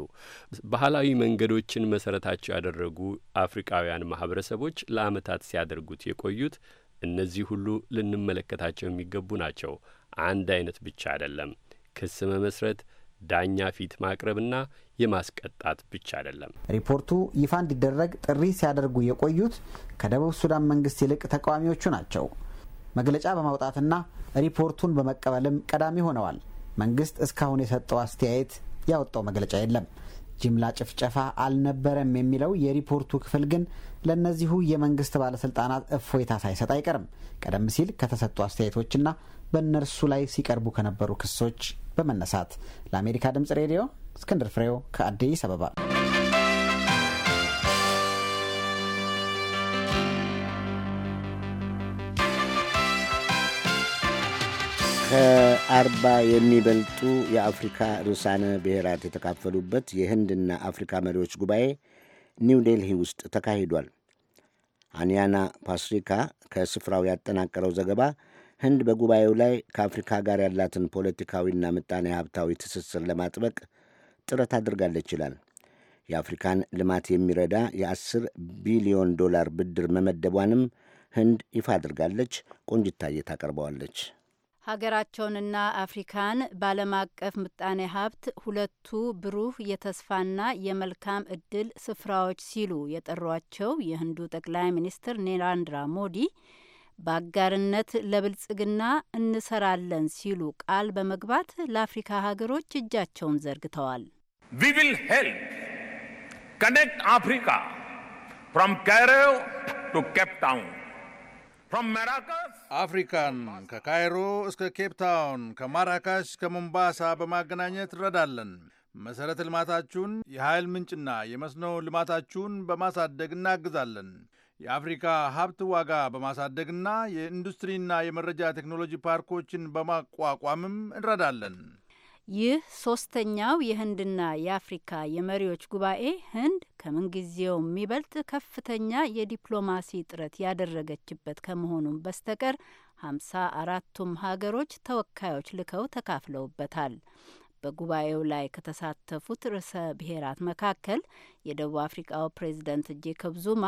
ባህላዊ መንገዶችን መሰረታቸው ያደረጉ አፍሪካውያን ማህበረሰቦች ለአመታት ሲያደርጉት የቆዩት እነዚህ ሁሉ ልንመለከታቸው የሚገቡ ናቸው። አንድ አይነት ብቻ አይደለም። ክስ መመስረት ዳኛ ፊት ማቅረብና የማስቀጣት ብቻ አይደለም። ሪፖርቱ ይፋ እንዲደረግ ጥሪ ሲያደርጉ የቆዩት ከደቡብ ሱዳን መንግስት ይልቅ ተቃዋሚዎቹ ናቸው። መግለጫ በማውጣትና ሪፖርቱን በመቀበልም ቀዳሚ ሆነዋል። መንግስት እስካሁን የሰጠው አስተያየት፣ ያወጣው መግለጫ የለም። ጅምላ ጭፍጨፋ አልነበረም የሚለው የሪፖርቱ ክፍል ግን ለእነዚሁ የመንግስት ባለስልጣናት እፎይታ ሳይሰጥ አይቀርም። ቀደም ሲል ከተሰጡ አስተያየቶችና በእነርሱ ላይ ሲቀርቡ ከነበሩ ክሶች በመነሳት ለአሜሪካ ድምጽ ሬዲዮ እስክንድር ፍሬው ከአዲስ አበባ ከአርባ የሚበልጡ የአፍሪካ ርዕሳነ ብሔራት የተካፈሉበት የህንድና አፍሪካ መሪዎች ጉባኤ ኒው ዴልሂ ውስጥ ተካሂዷል። አንያና ፓስሪካ ከስፍራው ያጠናቀረው ዘገባ ህንድ በጉባኤው ላይ ከአፍሪካ ጋር ያላትን ፖለቲካዊና ምጣኔ ሀብታዊ ትስስር ለማጥበቅ ጥረት አድርጋለች ይላል። የአፍሪካን ልማት የሚረዳ የአስር ቢሊዮን ዶላር ብድር መመደቧንም ህንድ ይፋ አድርጋለች። ቆንጅታዬ ታቀርበዋለች። ሀገራቸውንና አፍሪካን ባለም አቀፍ ምጣኔ ሀብት ሁለቱ ብሩህ የተስፋና የመልካም እድል ስፍራዎች ሲሉ የጠሯቸው የህንዱ ጠቅላይ ሚኒስትር ኔራንድራ ሞዲ በአጋርነት ለብልጽግና እንሰራለን ሲሉ ቃል በመግባት ለአፍሪካ ሀገሮች እጃቸውን ዘርግተዋል። ዊ ዊል ሄልፕ ከኔክት አፍሪካ ፍሮም ካይሮ ቱ ኬፕ ታውን ፍሮም አፍሪካን ከካይሮ እስከ ኬፕ ታውን ከማራካሽ ከሞምባሳ በማገናኘት እንረዳለን። መሠረተ ልማታችሁን የኃይል ምንጭና የመስኖ ልማታችሁን በማሳደግ እናግዛለን። የአፍሪካ ሀብት ዋጋ በማሳደግና የኢንዱስትሪና የመረጃ ቴክኖሎጂ ፓርኮችን በማቋቋምም እንረዳለን። ይህ ሶስተኛው የህንድና የአፍሪካ የመሪዎች ጉባኤ ህንድ ከምንጊዜው የሚበልጥ ከፍተኛ የዲፕሎማሲ ጥረት ያደረገችበት ከመሆኑም በስተቀር ሀምሳ አራቱም ሀገሮች ተወካዮች ልከው ተካፍለውበታል። በጉባኤው ላይ ከተሳተፉት ርዕሰ ብሔራት መካከል የደቡብ አፍሪካው ፕሬዚደንት ጄኮብ ዙማ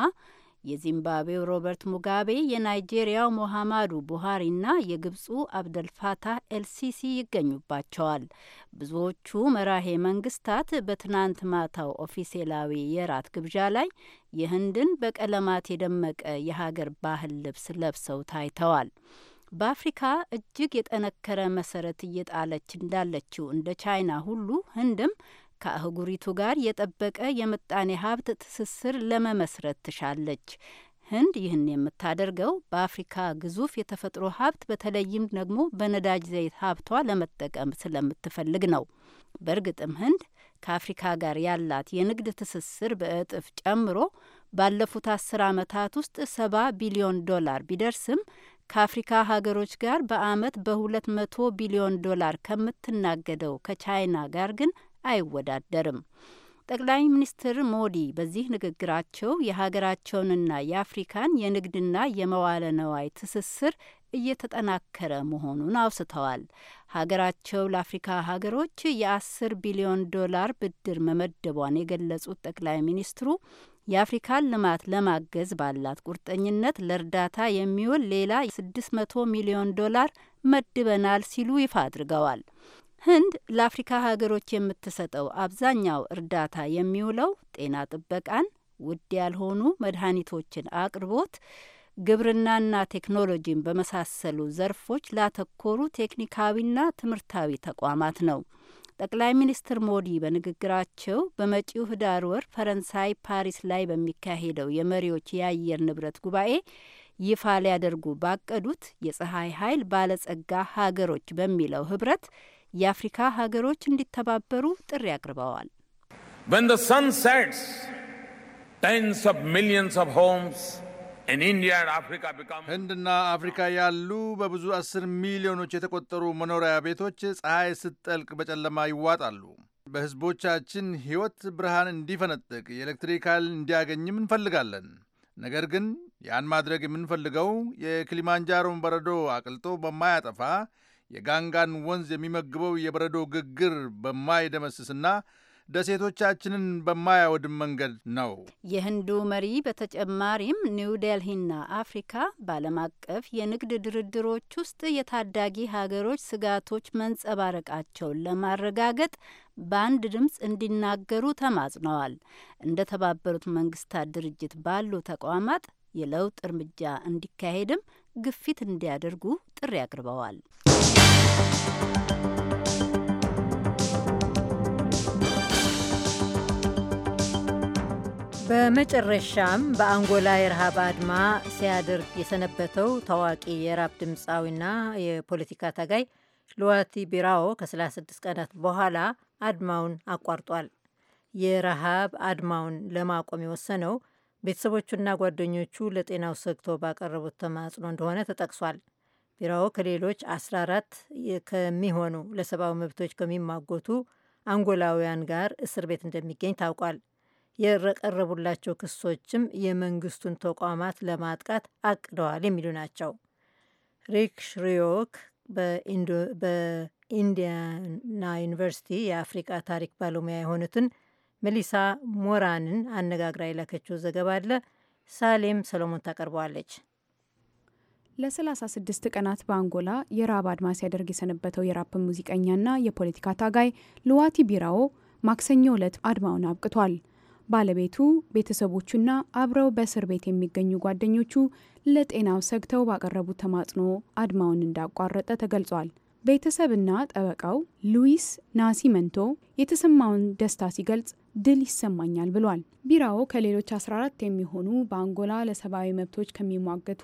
የዚምባብዌው ሮበርት ሙጋቤ፣ የናይጄሪያው ሞሐማዱ ቡሃሪና የግብፁ አብደልፋታህ ኤልሲሲ ይገኙባቸዋል። ብዙዎቹ መራሄ መንግስታት በትናንት ማታው ኦፊሴላዊ የራት ግብዣ ላይ የህንድን በቀለማት የደመቀ የሀገር ባህል ልብስ ለብሰው ታይተዋል። በአፍሪካ እጅግ የጠነከረ መሰረት እየጣለች እንዳለችው እንደ ቻይና ሁሉ ህንድም ከአህጉሪቱ ጋር የጠበቀ የምጣኔ ሀብት ትስስር ለመመስረት ትሻለች። ህንድ ይህን የምታደርገው በአፍሪካ ግዙፍ የተፈጥሮ ሀብት በተለይም ደግሞ በነዳጅ ዘይት ሀብቷ ለመጠቀም ስለምትፈልግ ነው። በእርግጥም ህንድ ከአፍሪካ ጋር ያላት የንግድ ትስስር በእጥፍ ጨምሮ ባለፉት አስር ዓመታት ውስጥ ሰባ ቢሊዮን ዶላር ቢደርስም ከአፍሪካ ሀገሮች ጋር በአመት በሁለት መቶ ቢሊዮን ዶላር ከምትናገደው ከቻይና ጋር ግን አይወዳደርም። ጠቅላይ ሚኒስትር ሞዲ በዚህ ንግግራቸው የሀገራቸውንና የአፍሪካን የንግድና የመዋለ ነዋይ ትስስር እየተጠናከረ መሆኑን አውስተዋል። ሀገራቸው ለአፍሪካ ሀገሮች የአስር ቢሊዮን ዶላር ብድር መመደቧን የገለጹት ጠቅላይ ሚኒስትሩ የአፍሪካን ልማት ለማገዝ ባላት ቁርጠኝነት ለእርዳታ የሚውል ሌላ ስድስት መቶ ሚሊዮን ዶላር መድበናል ሲሉ ይፋ አድርገዋል። ህንድ ለአፍሪካ ሀገሮች የምትሰጠው አብዛኛው እርዳታ የሚውለው ጤና ጥበቃን፣ ውድ ያልሆኑ መድኃኒቶችን አቅርቦት፣ ግብርናና ቴክኖሎጂን በመሳሰሉ ዘርፎች ላተኮሩ ቴክኒካዊና ትምህርታዊ ተቋማት ነው። ጠቅላይ ሚኒስትር ሞዲ በንግግራቸው በመጪው ህዳር ወር ፈረንሳይ ፓሪስ ላይ በሚካሄደው የመሪዎች የአየር ንብረት ጉባኤ ይፋ ሊያደርጉ ባቀዱት የፀሐይ ኃይል ባለጸጋ ሀገሮች በሚለው ህብረት የአፍሪካ ሀገሮች እንዲተባበሩ ጥሪ አቅርበዋል። ህንድና አፍሪካ ያሉ በብዙ አስር ሚሊዮኖች የተቆጠሩ መኖሪያ ቤቶች ፀሐይ ስትጠልቅ በጨለማ ይዋጣሉ። በህዝቦቻችን ሕይወት ብርሃን እንዲፈነጥቅ የኤሌክትሪክ ኃይል እንዲያገኝም እንፈልጋለን። ነገር ግን ያን ማድረግ የምንፈልገው የክሊማንጃሮን በረዶ አቅልጦ በማያጠፋ የጋንጋን ወንዝ የሚመግበው የበረዶ ግግር በማይደመስስና ደሴቶቻችንን በማያወድም መንገድ ነው። የህንዱ መሪ በተጨማሪም ኒው ዴልሂና አፍሪካ በዓለም አቀፍ የንግድ ድርድሮች ውስጥ የታዳጊ ሀገሮች ስጋቶች መንጸባረቃቸውን ለማረጋገጥ በአንድ ድምፅ እንዲናገሩ ተማጽነዋል። እንደ ተባበሩት መንግስታት ድርጅት ባሉ ተቋማት የለውጥ እርምጃ እንዲካሄድም ግፊት እንዲያደርጉ ጥሪ አቅርበዋል። በመጨረሻም በአንጎላ የረሃብ አድማ ሲያደርግ የሰነበተው ታዋቂ የራፕ ድምፃዊና የፖለቲካ ታጋይ ሉዋቲ ቢራኦ ከ36 ቀናት በኋላ አድማውን አቋርጧል። የረሃብ አድማውን ለማቆም የወሰነው ቤተሰቦቹና ጓደኞቹ ለጤናው ሰግቶ ባቀረቡት ተማጽኖ እንደሆነ ተጠቅሷል። ቢራው ከሌሎች 14 ከሚሆኑ ለሰብአዊ መብቶች ከሚማጎቱ አንጎላውያን ጋር እስር ቤት እንደሚገኝ ታውቋል። የቀረቡላቸው ክሶችም የመንግስቱን ተቋማት ለማጥቃት አቅደዋል የሚሉ ናቸው። ሪክ ሽሪዮክ በኢንዲያና ዩኒቨርሲቲ የአፍሪቃ ታሪክ ባለሙያ የሆኑትን መሊሳ ሞራንን አነጋግራ የላከችው ዘገባ አለ። ሳሌም ሰሎሞን ታቀርበዋለች። ለ36 ቀናት በአንጎላ የራብ አድማ ሲያደርግ የሰነበተው የራፕ ሙዚቀኛና የፖለቲካ ታጋይ ልዋቲ ቢራኦ ማክሰኞ ዕለት አድማውን አብቅቷል። ባለቤቱ፣ ቤተሰቦቹና አብረው በእስር ቤት የሚገኙ ጓደኞቹ ለጤናው ሰግተው ባቀረቡት ተማጽኖ አድማውን እንዳቋረጠ ተገልጿል። ቤተሰብና ጠበቃው ሉዊስ ናሲመንቶ የተሰማውን ደስታ ሲገልጽ ድል ይሰማኛል ብሏል። ቢራው ከሌሎች 14 የሚሆኑ በአንጎላ ለሰብአዊ መብቶች ከሚሟገቱ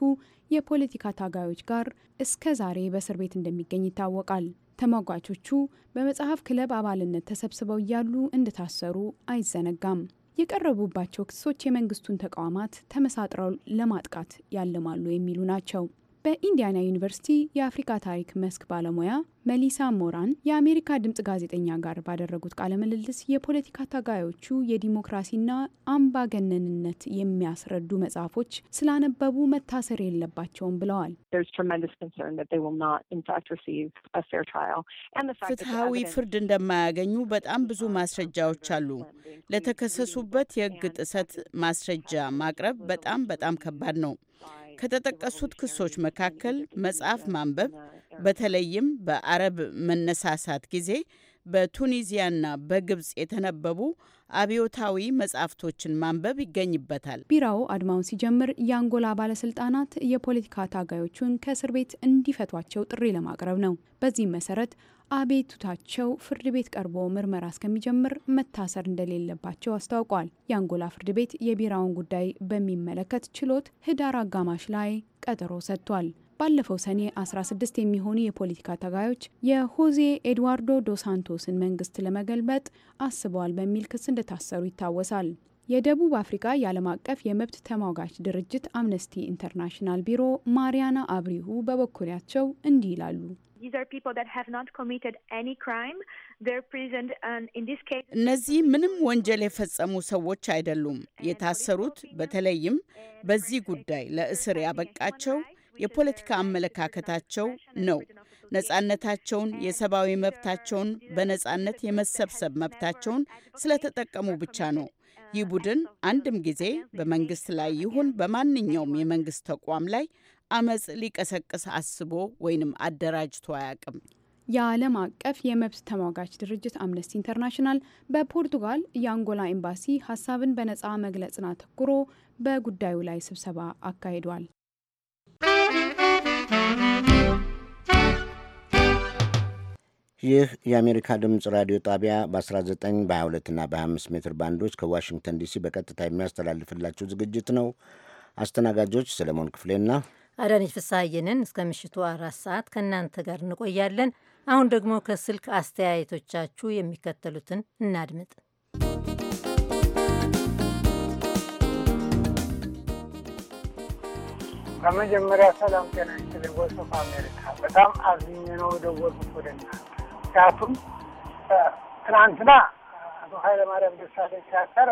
የፖለቲካ ታጋዮች ጋር እስከ ዛሬ በእስር ቤት እንደሚገኝ ይታወቃል። ተሟጓቾቹ በመጽሐፍ ክለብ አባልነት ተሰብስበው እያሉ እንደታሰሩ አይዘነጋም። የቀረቡባቸው ክሶች የመንግስቱን ተቋማት ተመሳጥረው ለማጥቃት ያለማሉ የሚሉ ናቸው። በኢንዲያና ዩኒቨርሲቲ የአፍሪካ ታሪክ መስክ ባለሙያ መሊሳ ሞራን የአሜሪካ ድምፅ ጋዜጠኛ ጋር ባደረጉት ቃለ ምልልስ የፖለቲካ ታጋዮቹ የዲሞክራሲና አምባገነንነት የሚያስረዱ መጽሐፎች ስላነበቡ መታሰር የለባቸውም ብለዋል። ፍትሐዊ ፍርድ እንደማያገኙ በጣም ብዙ ማስረጃዎች አሉ። ለተከሰሱበት የህግ ጥሰት ማስረጃ ማቅረብ በጣም በጣም ከባድ ነው። ከተጠቀሱት ክሶች መካከል መጽሐፍ ማንበብ፣ በተለይም በአረብ መነሳሳት ጊዜ በቱኒዚያና በግብፅ የተነበቡ አብዮታዊ መጽሐፍቶችን ማንበብ ይገኝበታል። ቢራው አድማውን ሲጀምር የአንጎላ ባለስልጣናት የፖለቲካ ታጋዮቹን ከእስር ቤት እንዲፈቷቸው ጥሪ ለማቅረብ ነው። በዚህም መሰረት አቤቱታቸው ፍርድ ቤት ቀርቦ ምርመራ እስከሚጀምር መታሰር እንደሌለባቸው አስታውቋል። የአንጎላ ፍርድ ቤት የቢራውን ጉዳይ በሚመለከት ችሎት ህዳር አጋማሽ ላይ ቀጠሮ ሰጥቷል። ባለፈው ሰኔ 16 የሚሆኑ የፖለቲካ ተጋዮች የሆዜ ኤድዋርዶ ዶሳንቶስን መንግስት ለመገልበጥ አስበዋል በሚል ክስ እንደታሰሩ ይታወሳል። የደቡብ አፍሪካ የዓለም አቀፍ የመብት ተሟጋች ድርጅት አምነስቲ ኢንተርናሽናል ቢሮ ማሪያና አብሪሁ በበኩላቸው እንዲህ ይላሉ። እነዚህ ምንም ወንጀል የፈጸሙ ሰዎች አይደሉም። የታሰሩት በተለይም በዚህ ጉዳይ ለእስር ያበቃቸው የፖለቲካ አመለካከታቸው ነው። ነጻነታቸውን፣ የሰብአዊ መብታቸውን፣ በነጻነት የመሰብሰብ መብታቸውን ስለተጠቀሙ ብቻ ነው። ይህ ቡድን አንድም ጊዜ በመንግስት ላይ ይሁን በማንኛውም የመንግስት ተቋም ላይ አመጽ ሊቀሰቅስ አስቦ ወይንም አደራጅቶ አያውቅም። የዓለም አቀፍ የመብት ተሟጋች ድርጅት አምነስቲ ኢንተርናሽናል በፖርቱጋል የአንጎላ ኤምባሲ ሀሳብን በነፃ መግለጽን አተኩሮ በጉዳዩ ላይ ስብሰባ አካሂዷል። ይህ የአሜሪካ ድምፅ ራዲዮ ጣቢያ በ19 በ22ና በ25 ሜትር ባንዶች ከዋሽንግተን ዲሲ በቀጥታ የሚያስተላልፍላችሁ ዝግጅት ነው። አስተናጋጆች ሰለሞን ክፍሌና አዳነች ፍስሐየንን እስከ ምሽቱ አራት ሰዓት ከእናንተ ጋር እንቆያለን። አሁን ደግሞ ከስልክ አስተያየቶቻችሁ የሚከተሉትን እናድምጥ። በመጀመሪያ ሰላም ጤና ይስጥልኝ። ቮይስ ኦፍ አሜሪካ በጣም አዝኜ ነው ደወልኩት ወደ እናንተ። ምክንያቱም ትናንትና አቶ ኃይለማርያም ደሳለኝ ሲያቀር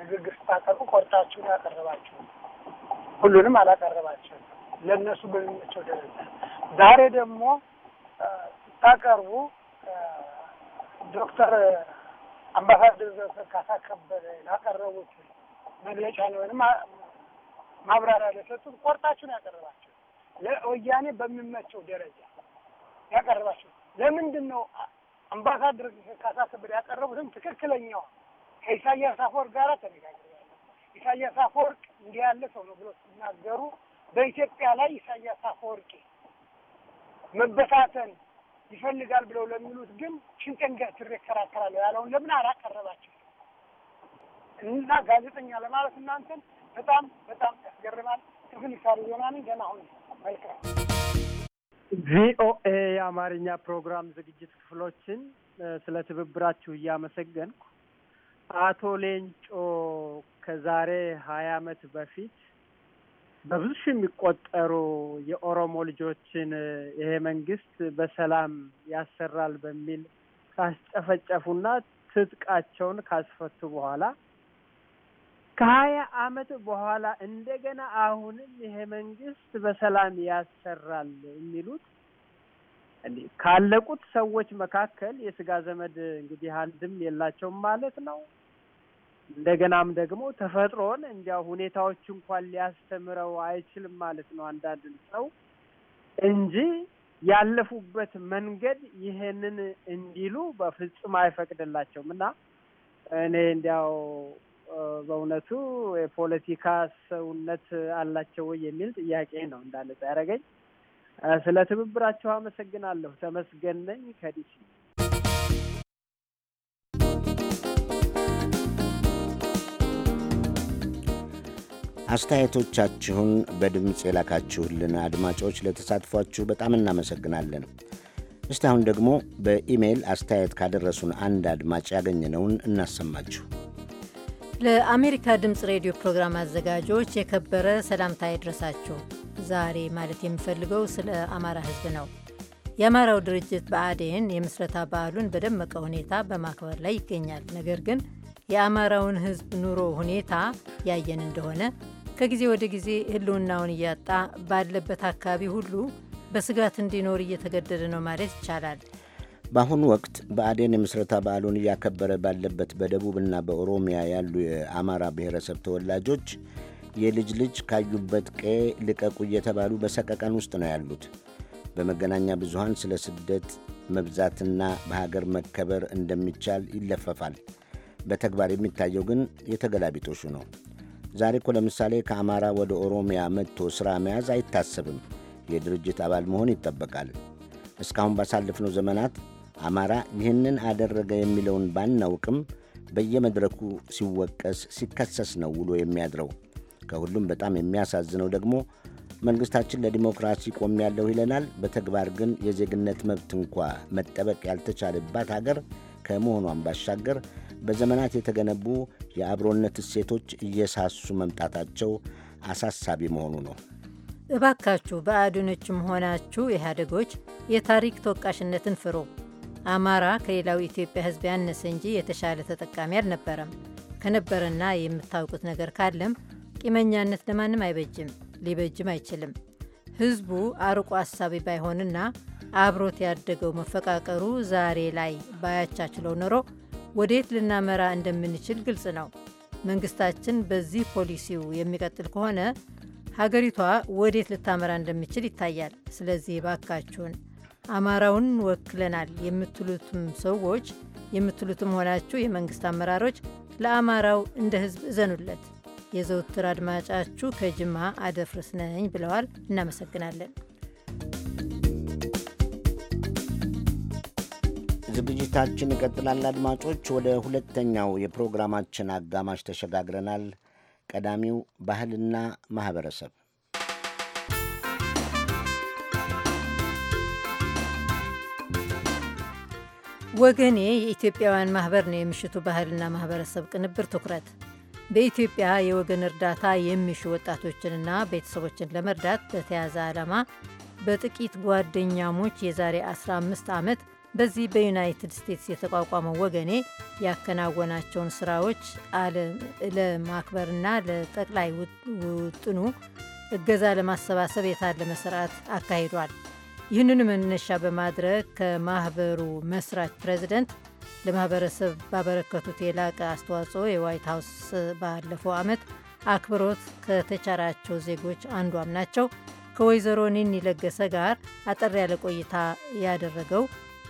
ንግግር ስታቀርቡ ቆርጣችሁን አቀረባችሁ፣ ሁሉንም አላቀረባችሁም። ለእነሱ በሚመቸው ደረጃ ዛሬ ደግሞ ስታቀርቡ ዶክተር አምባሳደር ዘወትር ካሳ ከበደ ላቀረቡት መግለጫ ነው ወይም ማብራሪያ ለሰጡት ቆርጣችሁን ያቀረባቸው ለወያኔ በሚመቸው ደረጃ ያቀረባቸው ለምንድን ነው? አምባሳደር ካሳ ከበደ ያቀረቡትም ትክክለኛው ከኢሳያስ አፈወርቅ ጋር ተነጋግረዋል። ኢሳያስ አፈወርቅ እንዲህ ያለ ሰው ነው ብሎ ሲናገሩ በኢትዮጵያ ላይ ኢሳያስ አፈወርቂ መበታተን ይፈልጋል ብለው ለሚሉት ግን ሽንጤን ገትሬ እከራከራለሁ ያለውን ለምን አላቀረባቸው እና ጋዜጠኛ ለማለት እናንተን በጣም በጣም ያስገርማል። ክፍል ይሳሪ ዜናኒ ገና አሁን መልካም ቪኦኤ የአማርኛ ፕሮግራም ዝግጅት ክፍሎችን ስለ ትብብራችሁ እያመሰገንኩ አቶ ሌንጮ ከዛሬ ሀያ አመት በፊት በብዙ ሺህ የሚቆጠሩ የኦሮሞ ልጆችን ይሄ መንግስት በሰላም ያሰራል በሚል ካስጨፈጨፉና ትጥቃቸውን ካስፈቱ በኋላ ከሀያ አመት በኋላ እንደገና አሁንም ይሄ መንግስት በሰላም ያሰራል የሚሉት ካለቁት ሰዎች መካከል የስጋ ዘመድ እንግዲህ አንድም የላቸውም ማለት ነው። እንደገናም ደግሞ ተፈጥሮን እንዲያ ሁኔታዎች እንኳን ሊያስተምረው አይችልም ማለት ነው አንዳንድ ሰው እንጂ ያለፉበት መንገድ ይሄንን እንዲሉ በፍጹም አይፈቅድላቸውም እና እኔ እንዲያው በእውነቱ የፖለቲካ ሰውነት አላቸው ወይ የሚል ጥያቄ ነው እንዳለ ያደረገኝ። ስለ ትብብራቸው አመሰግናለሁ። ተመስገን ነኝ ከዲሲ አስተያየቶቻችሁን በድምፅ የላካችሁልን አድማጮች ለተሳትፏችሁ በጣም እናመሰግናለን። እስቲ አሁን ደግሞ በኢሜይል አስተያየት ካደረሱን አንድ አድማጭ ያገኘነውን እናሰማችሁ። ለአሜሪካ ድምፅ ሬዲዮ ፕሮግራም አዘጋጆች የከበረ ሰላምታ ይድረሳችሁ። ዛሬ ማለት የምፈልገው ስለ አማራ ሕዝብ ነው። የአማራው ድርጅት በአዴን የምስረታ በዓሉን በደመቀ ሁኔታ በማክበር ላይ ይገኛል። ነገር ግን የአማራውን ሕዝብ ኑሮ ሁኔታ ያየን እንደሆነ ከጊዜ ወደ ጊዜ ህልውናውን እያጣ ባለበት አካባቢ ሁሉ በስጋት እንዲኖር እየተገደደ ነው ማለት ይቻላል። በአሁኑ ወቅት በአዴን የምስረታ በዓሉን እያከበረ ባለበት በደቡብና በኦሮሚያ ያሉ የአማራ ብሔረሰብ ተወላጆች የልጅ ልጅ ካዩበት ቀዬ ልቀቁ እየተባሉ በሰቀቀን ውስጥ ነው ያሉት። በመገናኛ ብዙሃን ስለ ስደት መብዛትና በሀገር መከበር እንደሚቻል ይለፈፋል። በተግባር የሚታየው ግን የተገላቢጦሹ ነው። ዛሬ እኮ ለምሳሌ ከአማራ ወደ ኦሮሚያ መጥቶ ሥራ መያዝ አይታሰብም። የድርጅት አባል መሆን ይጠበቃል። እስካሁን ባሳለፍነው ዘመናት አማራ ይህንን አደረገ የሚለውን ባናውቅም በየመድረኩ ሲወቀስ፣ ሲከሰስ ነው ውሎ የሚያድረው። ከሁሉም በጣም የሚያሳዝነው ደግሞ መንግሥታችን ለዲሞክራሲ ቆሜያለሁ ይለናል፣ በተግባር ግን የዜግነት መብት እንኳ መጠበቅ ያልተቻለባት አገር ከመሆኗን ባሻገር በዘመናት የተገነቡ የአብሮነት እሴቶች እየሳሱ መምጣታቸው አሳሳቢ መሆኑ ነው። እባካችሁ ብአዴኖችም ሆናችሁ ኢህአዴጎች የታሪክ ተወቃሽነትን ፍሩ። አማራ ከሌላው ኢትዮጵያ ሕዝብ ያነሰ እንጂ የተሻለ ተጠቃሚ አልነበረም። ከነበረና የምታውቁት ነገር ካለም ቂመኛነት ለማንም አይበጅም፣ ሊበጅም አይችልም። ሕዝቡ አርቆ አሳቢ ባይሆንና አብሮት ያደገው መፈቃቀሩ ዛሬ ላይ ባያቻችለው ኖሮ ወዴት ልናመራ እንደምንችል ግልጽ ነው። መንግስታችን በዚህ ፖሊሲው የሚቀጥል ከሆነ ሀገሪቷ ወዴት ልታመራ እንደምችል ይታያል። ስለዚህ ባካችሁን አማራውን ወክለናል የምትሉትም ሰዎች የምትሉትም ሆናችሁ የመንግስት አመራሮች ለአማራው እንደ ህዝብ እዘኑለት። የዘውትር አድማጫችሁ ከጅማ አደፍርስ ነኝ ብለዋል። እናመሰግናለን። ዝግጅታችን ይቀጥላል። አድማጮች፣ ወደ ሁለተኛው የፕሮግራማችን አጋማሽ ተሸጋግረናል። ቀዳሚው ባህልና ማኅበረሰብ ወገኔ የኢትዮጵያውያን ማህበር ነው። የምሽቱ ባህልና ማህበረሰብ ቅንብር ትኩረት በኢትዮጵያ የወገን እርዳታ የሚሹ ወጣቶችንና ቤተሰቦችን ለመርዳት በተያዘ ዓላማ በጥቂት ጓደኛሞች የዛሬ 15 ዓመት በዚህ በዩናይትድ ስቴትስ የተቋቋመው ወገኔ ያከናወናቸውን ስራዎች ለማክበርና ለጠቅላይ ውጥኑ እገዛ ለማሰባሰብ የታለመ ስርዓት አካሂዷል። ይህንን መነሻ በማድረግ ከማህበሩ መስራች ፕሬዚደንት ለማህበረሰብ ባበረከቱት የላቀ አስተዋጽኦ የዋይት ሀውስ ባለፈው ዓመት አክብሮት ከተቻራቸው ዜጎች አንዷም ናቸው። ከወይዘሮ ኒኒ ለገሰ ጋር አጠር ያለ ቆይታ ያደረገው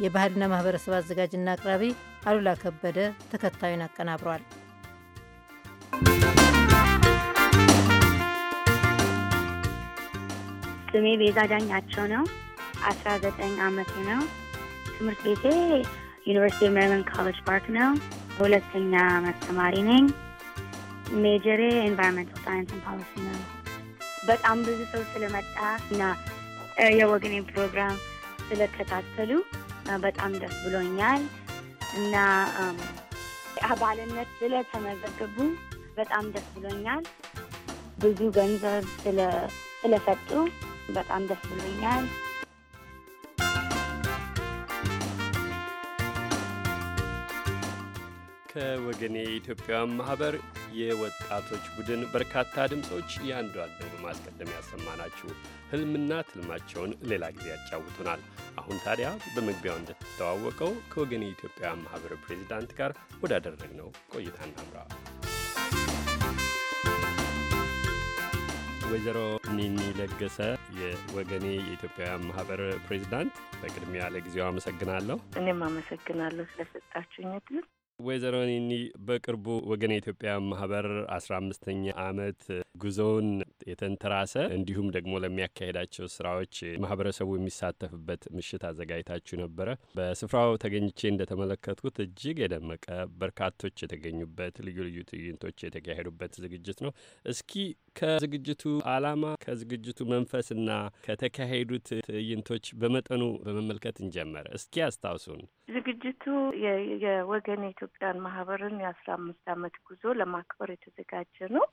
የባህልና ማህበረሰብ አዘጋጅና አቅራቢ አሉላ ከበደ ተከታዩን አቀናብሯል። ስሜ ቤዛ ዳኛቸው ነው። አስራ ዘጠኝ አመቴ ነው። ትምህርት ቤቴ ዩኒቨርሲቲ ኦፍ ሜሪላንድ ኮሌጅ ፓርክ ነው። በሁለተኛ ተማሪ ነኝ። ሜጀሬ ኤንቫይሮንመንታል ሳይንስ ፖሊሲ ነው። በጣም ብዙ ሰው ስለመጣ እና የወገኔ ፕሮግራም ስለከታተሉ በጣም ደስ ብሎኛል እና አባልነት ስለተመዘገቡ በጣም ደስ ብሎኛል። ብዙ ገንዘብ ስለሰጡ በጣም ደስ ብሎኛል። ከወገኔ የኢትዮጵያውያን ማህበር የወጣቶች ቡድን በርካታ ድምፆች የአንዷን በማስቀደም ያሰማናችሁ። ህልምና ትልማቸውን ሌላ ጊዜ ያጫውቱናል። አሁን ታዲያ በመግቢያው እንደተተዋወቀው ከወገን የኢትዮጵያ ማህበር ፕሬዚዳንት ጋር ወዳደረግነው ቆይታ እናምራ። ወይዘሮ ኒኒ ለገሰ የወገኔ የኢትዮጵያውያን ማህበር ፕሬዚዳንት፣ በቅድሚያ ለጊዜው አመሰግናለሁ። እኔም አመሰግናለሁ ስለሰጣችሁኝ እድል። ወይዘሮ ኒኒ በቅርቡ ወገን የኢትዮጵያ ማህበር አስራ አምስተኛ አመት ጉዞውን የተንተራሰ እንዲሁም ደግሞ ለሚያካሄዳቸው ስራዎች ማህበረሰቡ የሚሳተፍበት ምሽት አዘጋጅታችሁ ነበረ። በስፍራው ተገኝቼ እንደተመለከትኩት እጅግ የደመቀ በርካቶች የተገኙበት ልዩ ልዩ ትዕይንቶች የተካሄዱበት ዝግጅት ነው። እስኪ ከዝግጅቱ አላማ ከዝግጅቱ መንፈስና ከተካሄዱት ትዕይንቶች በመጠኑ በመመልከት እንጀመረ። እስኪ አስታውሱን። ዝግጅቱ የወገን የኢትዮጵያን ማህበርን የአስራ አምስት ዓመት ጉዞ ለማክበር የተዘጋጀ ነው።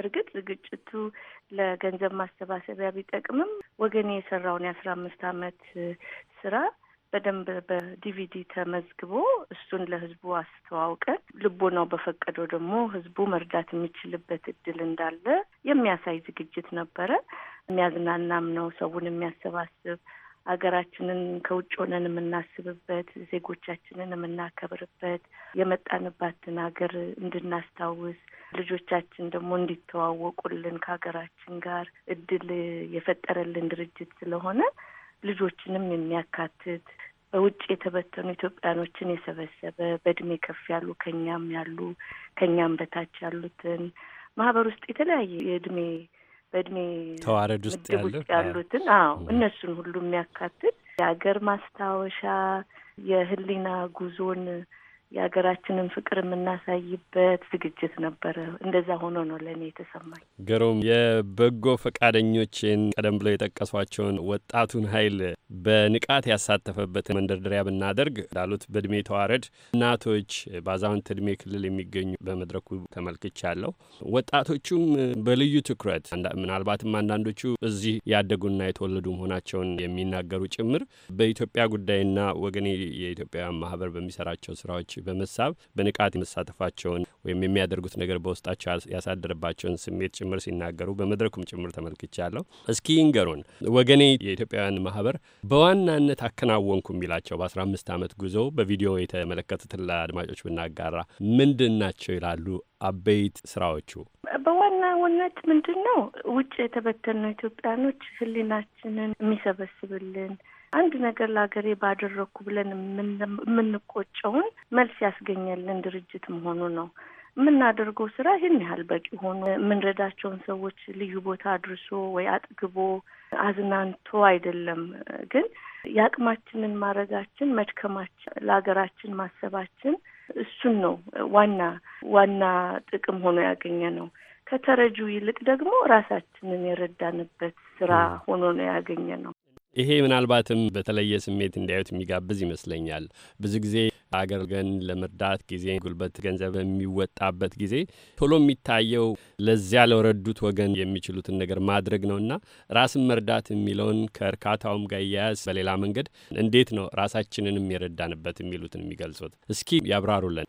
እርግጥ ዝግጅቱ ለገንዘብ ማሰባሰቢያ ቢጠቅምም ወገኔ የሰራውን የአስራ አምስት አመት ስራ በደንብ በዲቪዲ ተመዝግቦ እሱን ለህዝቡ አስተዋውቀን ልቦናው በፈቀደው ደግሞ ህዝቡ መርዳት የሚችልበት እድል እንዳለ የሚያሳይ ዝግጅት ነበረ። የሚያዝናናም ነው፣ ሰውን የሚያሰባስብ አገራችንን ከውጭ ሆነን የምናስብበት፣ ዜጎቻችንን የምናከብርበት፣ የመጣንባትን ሀገር እንድናስታውስ ልጆቻችን ደግሞ እንዲተዋወቁልን ከሀገራችን ጋር እድል የፈጠረልን ድርጅት ስለሆነ ልጆችንም የሚያካትት በውጭ የተበተኑ ኢትዮጵያኖችን የሰበሰበ በእድሜ ከፍ ያሉ ከኛም ያሉ ከኛም በታች ያሉትን ማህበር ውስጥ የተለያየ የእድሜ በእድሜ ተዋረድ ውስጥ ያሉትን አዎ እነሱን ሁሉ የሚያካትት የሀገር ማስታወሻ የህሊና ጉዞን የሀገራችንን ፍቅር የምናሳይበት ዝግጅት ነበረ። እንደዛ ሆኖ ነው ለእኔ የተሰማኝ። ግሩም የበጎ ፈቃደኞችን ቀደም ብለው የጠቀሷቸውን ወጣቱን ኃይል በንቃት ያሳተፈበትን መንደርደሪያ ብናደርግ እንዳሉት በእድሜ ተዋረድ እናቶች በአዛውንት እድሜ ክልል የሚገኙ በመድረኩ ተመልክቻለሁ። ወጣቶቹም በልዩ ትኩረት ምናልባትም አንዳንዶቹ እዚህ ያደጉና የተወለዱ መሆናቸውን የሚናገሩ ጭምር በኢትዮጵያ ጉዳይና ወገኔ የኢትዮጵያውያን ማህበር በሚሰራቸው ስራዎች በመሳብ በንቃት የመሳተፋቸውን ወይም የሚያደርጉት ነገር በውስጣቸው ያሳደረባቸውን ስሜት ጭምር ሲናገሩ በመድረኩም ጭምር ተመልክቻለሁ። እስኪ ይንገሩን ወገኔ የኢትዮጵያውያን ማህበር በዋናነት አከናወንኩ የሚላቸው በአስራ አምስት ዓመት ጉዞ በቪዲዮ የተመለከቱትን ለአድማጮች ብናጋራ ምንድን ናቸው ይላሉ አበይት ስራዎቹ? በዋና ዋናነት ምንድን ነው ውጭ የተበተኑ ኢትዮጵያኖች ህሊናችንን የሚሰበስብልን አንድ ነገር ለሀገሬ ባደረግኩ ብለን የምንቆጨውን መልስ ያስገኘልን ድርጅት መሆኑ ነው። የምናደርገው ስራ ይህን ያህል በቂ ሆኖ የምንረዳቸውን ሰዎች ልዩ ቦታ አድርሶ ወይ አጥግቦ አዝናንቶ አይደለም። ግን የአቅማችንን ማድረጋችን፣ መድከማችን፣ ለሀገራችን ማሰባችን እሱን ነው ዋና ዋና ጥቅም ሆኖ ያገኘ ነው። ከተረጂው ይልቅ ደግሞ ራሳችንን የረዳንበት ስራ ሆኖ ነው ያገኘ ነው። ይሄ ምናልባትም በተለየ ስሜት እንዲያዩት የሚጋብዝ ይመስለኛል። ብዙ ጊዜ አገር ገን ለመርዳት ጊዜ፣ ጉልበት፣ ገንዘብ የሚወጣበት ጊዜ ቶሎ የሚታየው ለዚያ ለረዱት ወገን የሚችሉትን ነገር ማድረግ ነውና ራስን መርዳት የሚለውን ከእርካታውም ጋር እያያዝ በሌላ መንገድ እንዴት ነው ራሳችንንም የረዳንበት የሚሉትን የሚገልጹት እስኪ ያብራሩልን።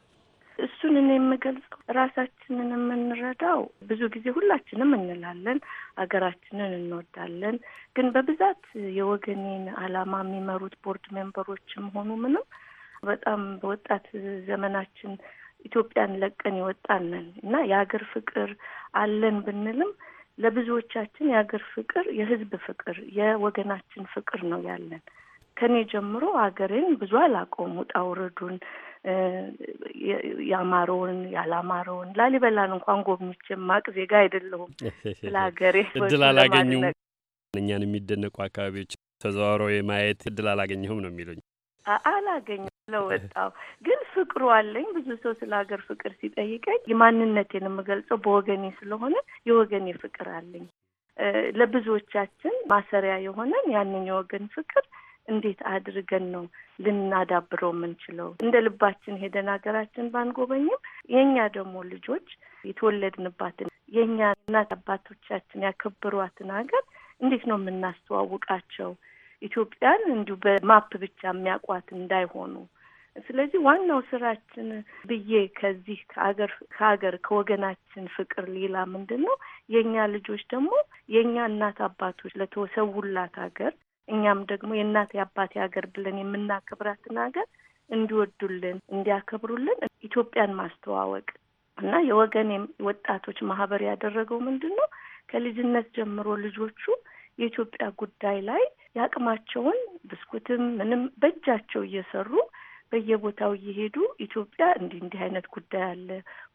ይህንን የምገልጸው ራሳችንን የምንረዳው ብዙ ጊዜ ሁላችንም እንላለን፣ ሀገራችንን እንወዳለን። ግን በብዛት የወገኔን ዓላማ የሚመሩት ቦርድ ሜምበሮችም ሆኑ ምንም በጣም በወጣት ዘመናችን ኢትዮጵያን ለቀን የወጣንን እና የሀገር ፍቅር አለን ብንልም ለብዙዎቻችን የሀገር ፍቅር የህዝብ ፍቅር የወገናችን ፍቅር ነው ያለን። ከኔ ጀምሮ ሀገሬን ብዙ አላቆሙ ውጣ ያማረውን ያላማረውን ላሊበላን እንኳን ጎብኝቼ ማቅ ዜጋ አይደለሁም። ስለ እድል አላገኘሁም። እኛን የሚደነቁ አካባቢዎች ተዘዋውረው የማየት እድል አላገኘሁም ነው የሚሉኝ። አላገኘሁም ለወጣው ግን ፍቅሩ አለኝ። ብዙ ሰው ስለ ሀገር ፍቅር ሲጠይቀኝ ማንነቴን የምገልጸው በወገኔ ስለሆነ የወገኔ ፍቅር አለኝ። ለብዙዎቻችን ማሰሪያ የሆነን ያንን የወገን ፍቅር እንዴት አድርገን ነው ልናዳብረው የምንችለው? እንደ ልባችን ሄደን ሀገራችን ባንጎበኝም የእኛ ደግሞ ልጆች የተወለድንባትን የእኛ እናት አባቶቻችን ያከብሯትን ሀገር እንዴት ነው የምናስተዋውቃቸው? ኢትዮጵያን እንዲሁ በማፕ ብቻ የሚያውቋት እንዳይሆኑ። ስለዚህ ዋናው ስራችን ብዬ ከዚህ ከአገር ከሀገር ከወገናችን ፍቅር ሌላ ምንድን ነው? የእኛ ልጆች ደግሞ የእኛ እናት አባቶች ለተሰውላት ሀገር እኛም ደግሞ የእናት የአባት ሀገር ብለን የምናከብራትን ሀገር እንዲወዱልን እንዲያከብሩልን ኢትዮጵያን ማስተዋወቅ እና የወገን ወጣቶች ማህበር ያደረገው ምንድን ነው? ከልጅነት ጀምሮ ልጆቹ የኢትዮጵያ ጉዳይ ላይ የአቅማቸውን ብስኩትም ምንም በእጃቸው እየሰሩ በየቦታው እየሄዱ ኢትዮጵያ እንዲህ እንዲህ አይነት ጉዳይ አለ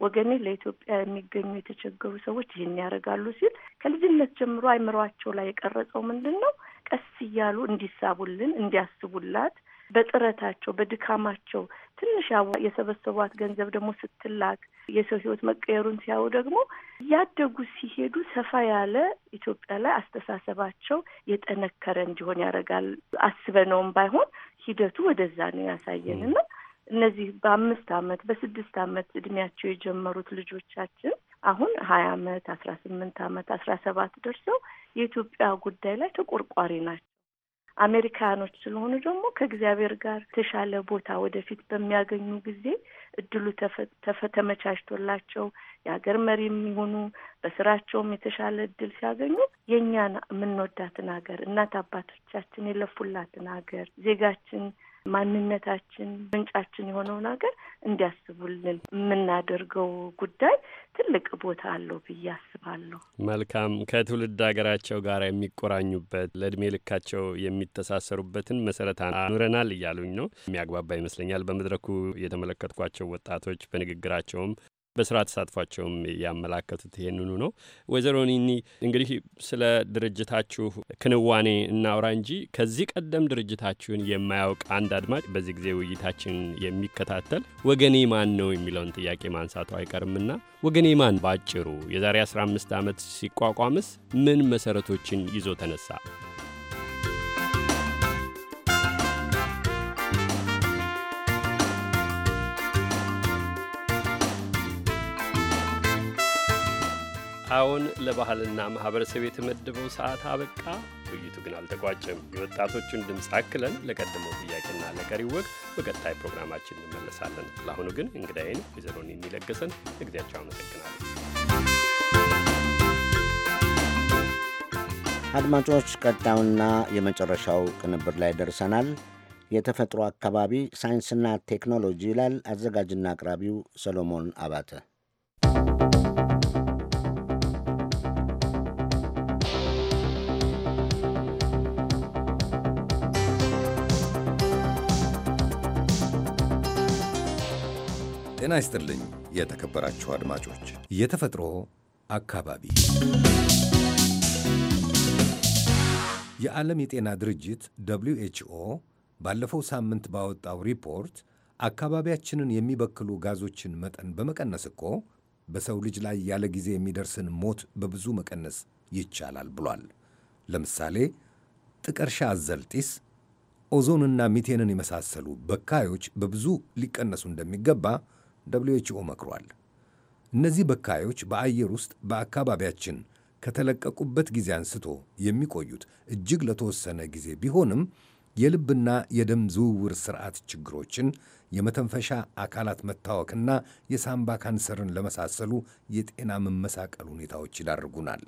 ወገኔ፣ ለኢትዮጵያ የሚገኙ የተቸገሩ ሰዎች ይህን ያደርጋሉ ሲል ከልጅነት ጀምሮ አይምሯቸው ላይ የቀረጸው ምንድን ነው ቀስ እያሉ እንዲሳቡልን እንዲያስቡላት በጥረታቸው በድካማቸው ትንሽ የሰበሰቧት ገንዘብ ደግሞ ስትላክ የሰው ህይወት መቀየሩን ሲያዩ ደግሞ እያደጉ ሲሄዱ ሰፋ ያለ ኢትዮጵያ ላይ አስተሳሰባቸው የጠነከረ እንዲሆን ያደርጋል። አስበነውም ባይሆን ሂደቱ ወደዛ ነው እና እነዚህ በአምስት አመት በስድስት አመት እድሜያቸው የጀመሩት ልጆቻችን አሁን ሀያ አመት አስራ ስምንት አመት አስራ ሰባት ደርሰው የኢትዮጵያ ጉዳይ ላይ ተቆርቋሪ ናቸው። አሜሪካኖች ስለሆኑ ደግሞ ከእግዚአብሔር ጋር የተሻለ ቦታ ወደፊት በሚያገኙ ጊዜ እድሉ ተመቻችቶላቸው የሀገር መሪ የሚሆኑ በስራቸውም የተሻለ እድል ሲያገኙ የእኛን የምንወዳትን ሀገር እናት አባቶቻችን የለፉላትን ሀገር ዜጋችን ማንነታችን ምንጫችን የሆነውን ሀገር እንዲያስቡልን የምናደርገው ጉዳይ ትልቅ ቦታ አለው ብዬ አስባለሁ። መልካም ከትውልድ ሀገራቸው ጋር የሚቆራኙበት ለእድሜ ልካቸው የሚተሳሰሩበትን መሰረት አኑረናል እያሉኝ ነው። የሚያግባባ ይመስለኛል። በመድረኩ የተመለከትኳቸው ወጣቶች በንግግራቸውም በስራ ተሳትፏቸውም ያመላከቱት ይህንኑ ነው። ወይዘሮ ኒኒ እንግዲህ ስለ ድርጅታችሁ ክንዋኔ እናውራ እንጂ ከዚህ ቀደም ድርጅታችሁን የማያውቅ አንድ አድማጭ በዚህ ጊዜ ውይይታችን የሚከታተል ወገኔ ማን ነው የሚለውን ጥያቄ ማንሳቱ አይቀርምና ወገኔ ማን ባጭሩ የዛሬ 15 ዓመት ሲቋቋምስ ምን መሰረቶችን ይዞ ተነሳ? አሁን ለባህልና ማህበረሰብ የተመደበው ሰዓት አበቃ። ውይይቱ ግን አልተቋጭም የወጣቶቹን ድምፅ አክለን ለቀደመው ጥያቄና ለቀሪ ወቅት በቀጣይ ፕሮግራማችን እንመለሳለን። ለአሁኑ ግን እንግዳይን ወይዘሮን የሚለገሰን ለጊዜያቸው አመሰግናለሁ። አድማጮች፣ ቀጣዩና የመጨረሻው ቅንብር ላይ ደርሰናል። የተፈጥሮ አካባቢ ሳይንስና ቴክኖሎጂ ይላል። አዘጋጅና አቅራቢው ሰሎሞን አባተ ጤና ይስጥልኝ የተከበራችሁ አድማጮች። የተፈጥሮ አካባቢ የዓለም የጤና ድርጅት ደብሊው ኤችኦ ባለፈው ሳምንት ባወጣው ሪፖርት አካባቢያችንን የሚበክሉ ጋዞችን መጠን በመቀነስ እኮ በሰው ልጅ ላይ ያለ ጊዜ የሚደርስን ሞት በብዙ መቀነስ ይቻላል ብሏል። ለምሳሌ ጥቀርሻ አዘል ጢስ፣ ኦዞንና ሚቴንን የመሳሰሉ በካዮች በብዙ ሊቀነሱ እንደሚገባ ደብሊው ኤች ኦ መክሯል። እነዚህ በካዮች በአየር ውስጥ በአካባቢያችን ከተለቀቁበት ጊዜ አንስቶ የሚቆዩት እጅግ ለተወሰነ ጊዜ ቢሆንም የልብና የደም ዝውውር ስርዓት ችግሮችን፣ የመተንፈሻ አካላት መታወክና የሳምባ ካንሰርን ለመሳሰሉ የጤና መመሳቀል ሁኔታዎች ይዳርጉናል።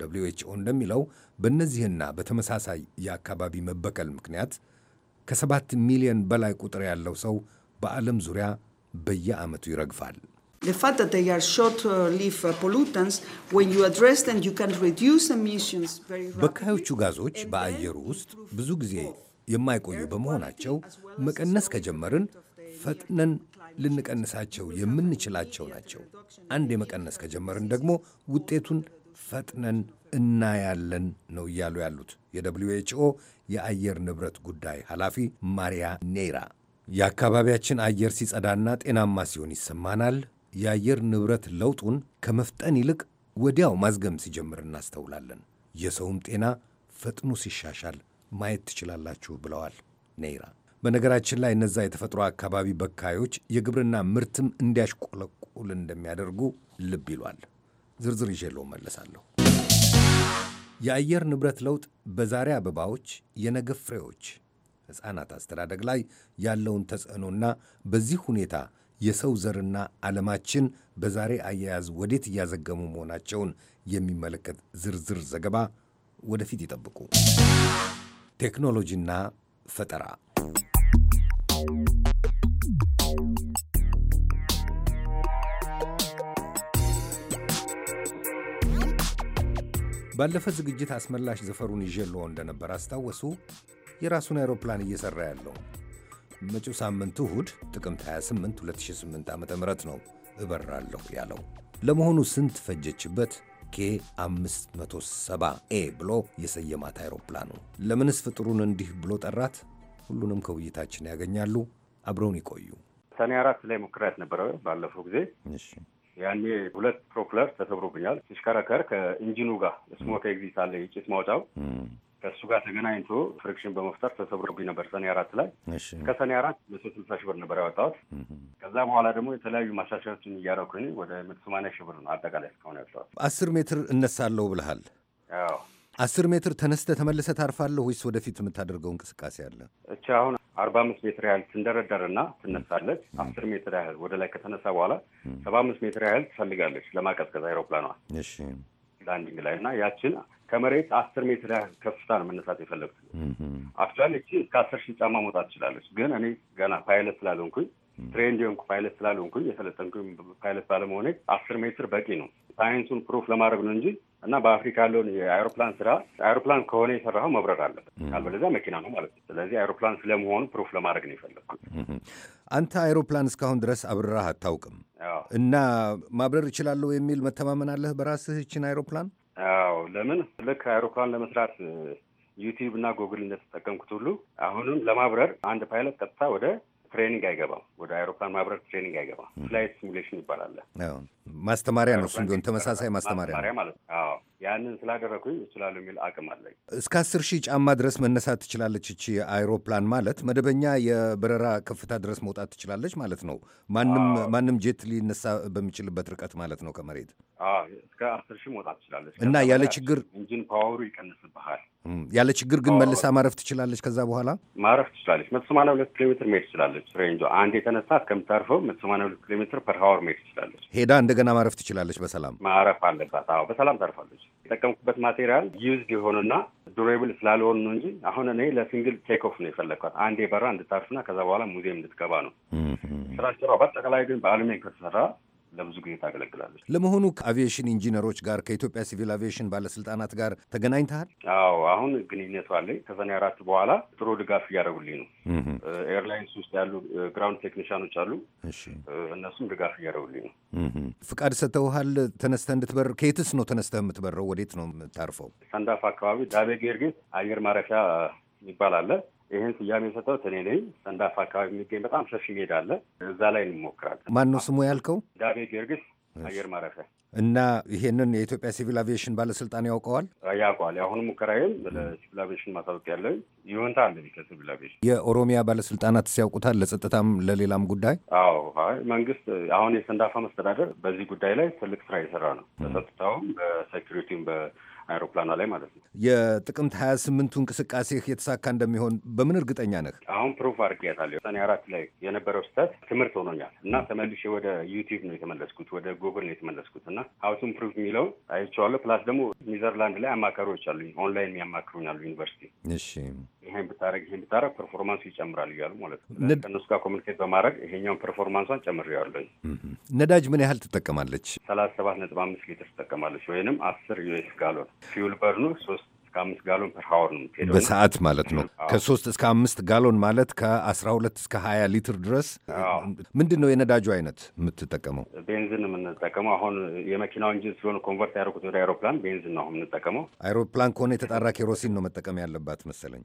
ደብሊው ኤች ኦ እንደሚለው በእነዚህና በተመሳሳይ የአካባቢ መበከል ምክንያት ከሰባት ሚሊዮን በላይ ቁጥር ያለው ሰው በዓለም ዙሪያ በየዓመቱ ይረግፋል። uh, uh, በካዮቹ ጋዞች በአየሩ ውስጥ ብዙ ጊዜ የማይቆዩ በመሆናቸው መቀነስ ከጀመርን ፈጥነን ልንቀንሳቸው የምንችላቸው ናቸው። አንድ የመቀነስ ከጀመርን ደግሞ ውጤቱን ፈጥነን እናያለን ነው እያሉ ያሉት የደብሊው ኤች ኦ የአየር ንብረት ጉዳይ ኃላፊ ማሪያ ኔይራ። የአካባቢያችን አየር ሲጸዳና ጤናማ ሲሆን ይሰማናል። የአየር ንብረት ለውጡን ከመፍጠን ይልቅ ወዲያው ማዝገም ሲጀምር እናስተውላለን። የሰውም ጤና ፈጥኖ ሲሻሻል ማየት ትችላላችሁ ብለዋል ኔይራ። በነገራችን ላይ እነዛ የተፈጥሮ አካባቢ በካዮች የግብርና ምርትም እንዲያሽቆለቁል እንደሚያደርጉ ልብ ይሏል። ዝርዝር ይዤለው መለሳለሁ። የአየር ንብረት ለውጥ በዛሬ አበባዎች የነገ ፍሬዎች ሕፃናት አስተዳደግ ላይ ያለውን ተጽዕኖና በዚህ ሁኔታ የሰው ዘርና ዓለማችን በዛሬ አያያዝ ወዴት እያዘገሙ መሆናቸውን የሚመለከት ዝርዝር ዘገባ ወደፊት ይጠብቁ። ቴክኖሎጂና ፈጠራ ባለፈ ዝግጅት አስመላሽ ዘፈሩን ይዤልዎ እንደነበር አስታወሱ። የራሱን አይሮፕላን እየሠራ ያለው። መጪው ሳምንት እሁድ ጥቅምት 28 2008 ዓ ም ነው እበራለሁ ያለው። ለመሆኑ ስንት ፈጀችበት? ኬ570 ኤ ብሎ የሰየማት አይሮፕላኑ ለምንስ ፍጥሩን እንዲህ ብሎ ጠራት? ሁሉንም ከውይይታችን ያገኛሉ። አብረውን ይቆዩ። ሰኔ አራት ላይ ሙከራ ነበረ ባለፈው ጊዜ። ያኔ ሁለት ፕሮክለር ተሰብሮብኛል። ሲሽከረከር ከኢንጂኑ ጋር ስሞክ ኤግዚት አለ የጭስ ማውጫው ከእሱ ጋር ተገናኝቶ ፍሪክሽን በመፍጠር ተሰብሮብኝ ነበር ሰኔ አራት ላይ እስከ ሰኔ አራት በሶስት ስልሳ ሺህ ብር ነበር ያወጣሁት። ከዛ በኋላ ደግሞ የተለያዩ ማሻሻያዎችን እያደረኩኝ ወደ መቶ ሰማንያ ሺህ ብር ነው አጠቃላይ እስካሁን ያወጣሁት። አስር ሜትር እነሳለሁ ብለሃል። አስር ሜትር ተነስተ ተመልሰ ታርፋለህ ወይስ ወደፊት የምታደርገው እንቅስቃሴ አለ? እቻ አሁን አርባ አምስት ሜትር ያህል ትንደረደርና ትነሳለች። አስር ሜትር ያህል ወደ ላይ ከተነሳ በኋላ ሰባ አምስት ሜትር ያህል ትፈልጋለች ለማቀዝቀዝ አይሮፕላኗ ላንዲንግ ላይ እና ያችን ከመሬት አስር ሜትር ያህል ከፍታ ነው መነሳት የፈለጉት። አክቹዋሊ እቺ እስከ አስር ሺህ ጫማ መውጣት ትችላለች። ግን እኔ ገና ፓይለት ስላልሆንኩኝ ትሬንድ የሆንኩ ፓይለት ስላልሆንኩኝ የሰለጠንኩ ፓይለት ባለመሆኔ አስር ሜትር በቂ ነው ሳይንሱን ፕሩፍ ለማድረግ ነው እንጂ እና በአፍሪካ ያለውን የአይሮፕላን ስራ አይሮፕላን ከሆነ የሰራኸው መብረር አለበት፣ ካልበለዚያ መኪና ነው ማለት ነው። ስለዚህ አይሮፕላን ስለመሆኑ ፕሩፍ ለማድረግ ነው የፈለግኩት። አንተ አይሮፕላን እስካሁን ድረስ አብረራህ አታውቅም እና ማብረር እችላለሁ የሚል መተማመን አለህ በራስህ ይችን አይሮፕላን አዎ ለምን ልክ አይሮፕላን ለመስራት ዩቲዩብ እና ጎግል እንደተጠቀምኩት ሁሉ አሁንም ለማብረር አንድ ፓይለት ቀጥታ ወደ ትሬኒንግ አይገባም። ወደ አይሮፕላን ማብረር ትሬኒንግ አይገባም። ፍላይት ሲሙሌሽን ይባላል። ማስተማሪያ ነው እሱ፣ እንዲሁም ተመሳሳይ ማስተማሪያ ማለት ነው። ያንን ስላደረግኩኝ እችላለሁ የሚል አቅም አለኝ። እስከ አስር ሺህ ጫማ ድረስ መነሳት ትችላለች። እቺ አይሮፕላን ማለት መደበኛ የበረራ ከፍታ ድረስ መውጣት ትችላለች ማለት ነው። ማንም ማንም ጄት ሊነሳ በሚችልበት ርቀት ማለት ነው ከመሬት እስከ አስር ሺህ መውጣት ትችላለች እና ያለ ችግር ኢንጂን ፓወሩ ይቀንስብሃል። ያለ ችግር ግን መልሳ ማረፍ ትችላለች። ከዛ በኋላ ማረፍ ትችላለች። መቶ ሰማንያ ሁለት ኪሎ ሜትር መሄድ ትችላለች። ሬንጆ አንድ የተነሳ እስከምታርፈው መቶ ሰማንያ ሁለት ኪሎ ሜትር ፐር ሀወር መሄድ ትችላለች። ሄዳ እንደገና ማረፍ ትችላለች። በሰላም ማረፍ አለባት። አዎ በሰላም ታርፋለች። የተጠቀምኩበት ማቴሪያል ዩዝድ የሆነና ዱሬብል ስላልሆን ነው እንጂ አሁን እኔ ለሲንግል ቴክ ኦፍ ነው የፈለግኳት። አንዴ በራ እንድታርፍና ከዛ በኋላ ሙዚየም እንድትገባ ነው ስራ ስራ። በአጠቃላይ ግን በአሉሚኒየም ከተሰራ ለብዙ ጊዜ ታገለግላለች። ለመሆኑ ከአቪዬሽን ኢንጂነሮች ጋር ከኢትዮጵያ ሲቪል አቪዬሽን ባለስልጣናት ጋር ተገናኝተሃል? አዎ፣ አሁን ግንኙነቱ አለኝ። ከሰኔ አራት በኋላ ጥሩ ድጋፍ እያደረጉልኝ ነው። ኤርላይንስ ውስጥ ያሉ ግራውንድ ቴክኒሽያኖች አሉ። እነሱም ድጋፍ እያደረጉልኝ ነው። ፍቃድ ሰጥተውሃል ተነስተህ እንድትበር? ከየትስ ነው ተነስተህ የምትበረው? ወዴት ነው የምታርፈው? ሰንዳፋ አካባቢ ዳቤ ጌርጌስ አየር ማረፊያ አለ። ይህን ስያሜ የሰጠሁት እኔ ነኝ። ሰንዳፋ አካባቢ የሚገኝ በጣም ሰፊ ሜዳ አለ። እዛ ላይ እንሞክራለን። ማን ነው ስሙ ያልከው? ዳቤ ጊዮርጊስ አየር ማረፊያ እና ይሄንን የኢትዮጵያ ሲቪል አቪዬሽን ባለስልጣን ያውቀዋል ያውቀዋል። የአሁኑ ሙከራዬም ለሲቪል አቪዬሽን ማሳወቅ ያለኝ ይሁንታ አለ። ከሲቪል አቪዬሽን። የኦሮሚያ ባለስልጣናት ሲያውቁታል፣ ለጸጥታም ለሌላም ጉዳይ። አዎ መንግስት፣ አሁን የሰንዳፋ መስተዳደር በዚህ ጉዳይ ላይ ትልቅ ስራ የሰራ ነው። በጸጥታውም በሴኪሪቲም አይሮፕላኗ ላይ ማለት ነው። የጥቅምት ሀያ ስምንቱ እንቅስቃሴህ የተሳካ እንደሚሆን በምን እርግጠኛ ነህ? አሁን ፕሩፍ አድርጌያታለሁ። ሰኔ አራት ላይ የነበረው ስህተት ትምህርት ሆኖኛል እና ተመልሼ ወደ ዩቲዩብ ነው የተመለስኩት፣ ወደ ጉግል ነው የተመለስኩት እና ሀውቱን ፕሩፍ የሚለው አይቼዋለሁ። ፕላስ ደግሞ ኒዘርላንድ ላይ አማካሪዎች አሉኝ፣ ኦንላይን የሚያማክሩኝ አሉ ዩኒቨርሲቲ። እሺ ይሄን ብታደረግ ይሄን ብታደረግ ፐርፎርማንስ ይጨምራል እያሉ ማለት ነው። ከእነሱ ጋር ኮሚኒኬት በማድረግ ይሄኛውን ፐርፎርማንሷን ጨምሬዋለሁኝ። ነዳጅ ምን ያህል ትጠቀማለች? ሰላሳ ሰባት ነጥብ አምስት ሊትር ትጠቀማለች ወይንም አስር ዩኤስ ጋሎን ፊውል በርኑ ሶስት እስከ አምስት ጋሎን ፐር ሀወር ነው የምትሄደው በሰዓት ማለት ነው። ከሶስት እስከ አምስት ጋሎን ማለት ከአስራ ሁለት እስከ ሀያ ሊትር ድረስ። ምንድን ነው የነዳጁ አይነት የምትጠቀመው? ቤንዝን የምንጠቀመው አሁን የመኪናው እንጂን ስለሆነ ኮንቨርት ያደረጉት ወደ አይሮፕላን ቤንዝን ነው የምንጠቀመው። አይሮፕላን ከሆነ የተጣራ ኬሮሲን ነው መጠቀም ያለባት መሰለኝ።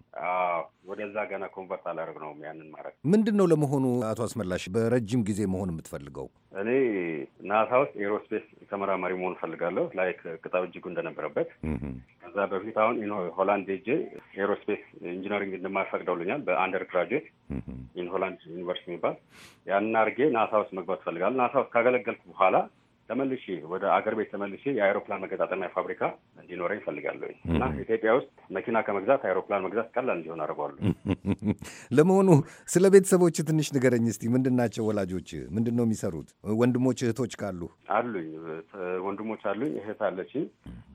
ወደዛ ገና ኮንቨርት አላደርግ ነው ያንን ማድረግ ምንድን ነው ለመሆኑ አቶ አስመላሽ በረጅም ጊዜ መሆን የምትፈልገው? እኔ ናሳ ውስጥ ኤሮስፔስ ተመራማሪ መሆን እፈልጋለሁ። ላይክ ቅጣው እጅጉ እንደነበረበት ከዛ በፊት አሁን አሁን ኢን ሆላንድ ሄጄ ኤሮስፔስ ኢንጂነሪንግ እንድማር በአንደር ግራጁዌት ኢን ሆላንድ ዩኒቨርሲቲ የሚባል ያንን አድርጌ ናሳ ውስጥ መግባት እፈልጋለሁ። ናሳ ውስጥ ካገለገልኩ በኋላ ተመልሼ ወደ አገር ቤት ተመልሼ የአይሮፕላን መገጣጠሚያ ፋብሪካ እንዲኖረኝ እፈልጋለሁ እና ኢትዮጵያ ውስጥ መኪና ከመግዛት አይሮፕላን መግዛት ቀላል እንዲሆን አድርጓለሁ። ለመሆኑ ስለ ቤተሰቦች ትንሽ ንገረኝ እስቲ። ምንድን ናቸው ወላጆች? ምንድን ነው የሚሰሩት? ወንድሞች እህቶች ካሉ? አሉኝ፣ ወንድሞች አሉኝ፣ እህት አለችኝ፣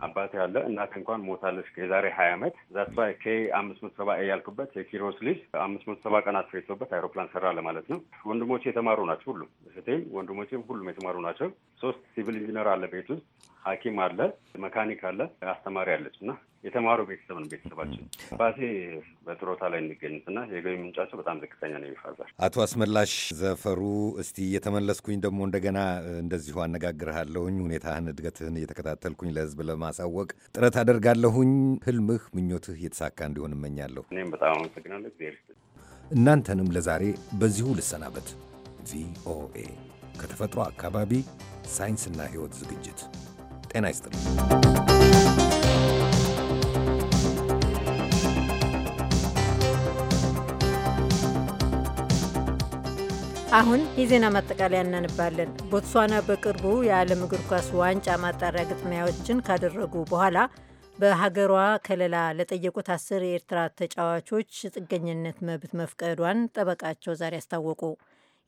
አባቴ አለ። እናት እንኳን ሞታለች የዛሬ ሀያ ዓመት ዛሷ ኬ አምስት መቶ ሰባ ያልኩበት የኪሮስ ልጅ አምስት መቶ ሰባ ቀናት ፈጅቶበት አይሮፕላን ሰራ ለማለት ነው። ወንድሞቼ የተማሩ ናቸው ሁሉም፣ እህቴም ወንድሞቼም ሁሉም የተማሩ ናቸው። ሶስት ሲቪል ኢንጂነር አለ ቤት ውስጥ፣ ሐኪም አለ፣ መካኒክ አለ፣ አስተማሪ አለች እና የተማሩ ቤተሰብ ነው ቤተሰባችን። ባሴ በጥሮታ ላይ የሚገኙት እና የገቢ ምንጫቸው በጣም ዝቅተኛ ነው ይፋዛል አቶ አስመላሽ ዘፈሩ፣ እስቲ እየተመለስኩኝ ደግሞ እንደገና እንደዚሁ አነጋግርሃለሁኝ። ሁኔታህን እድገትህን እየተከታተልኩኝ ለህዝብ ለማሳወቅ ጥረት አደርጋለሁኝ። ህልምህ ምኞትህ የተሳካ እንዲሆን እመኛለሁ። እኔም በጣም አመሰግናለሁ። እናንተንም ለዛሬ በዚሁ ልሰናበት። ቪኦኤ ከተፈጥሮ አካባቢ ሳይንስና ሕይወት ዝግጅት ጤና ይስጥልኝ። አሁን የዜና ማጠቃለያ እናንባለን። ቦትስዋና በቅርቡ የዓለም እግር ኳስ ዋንጫ ማጣሪያ ግጥሚያዎችን ካደረጉ በኋላ በሀገሯ ከለላ ለጠየቁት አስር የኤርትራ ተጫዋቾች ጥገኝነት መብት መፍቀዷን ጠበቃቸው ዛሬ አስታወቁ።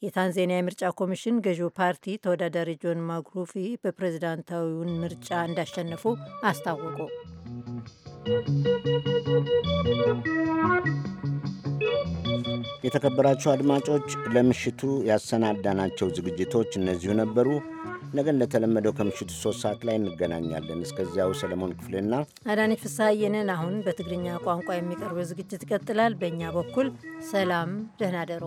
የታንዛኒያ የምርጫ ኮሚሽን ገዢው ፓርቲ ተወዳዳሪ ጆን ማጉሩፊ በፕሬዝዳንታዊውን ምርጫ እንዳሸነፉ አስታወቁ። የተከበራችሁ አድማጮች ለምሽቱ ያሰናዳናቸው ዝግጅቶች እነዚሁ ነበሩ። ነገ እንደተለመደው ከምሽቱ ሶስት ሰዓት ላይ እንገናኛለን። እስከዚያው ሰለሞን ክፍሌና አዳነች ፍስሐየንን አሁን በትግርኛ ቋንቋ የሚቀርበው ዝግጅት ይቀጥላል። በእኛ በኩል ሰላም፣ ደህና ደሮ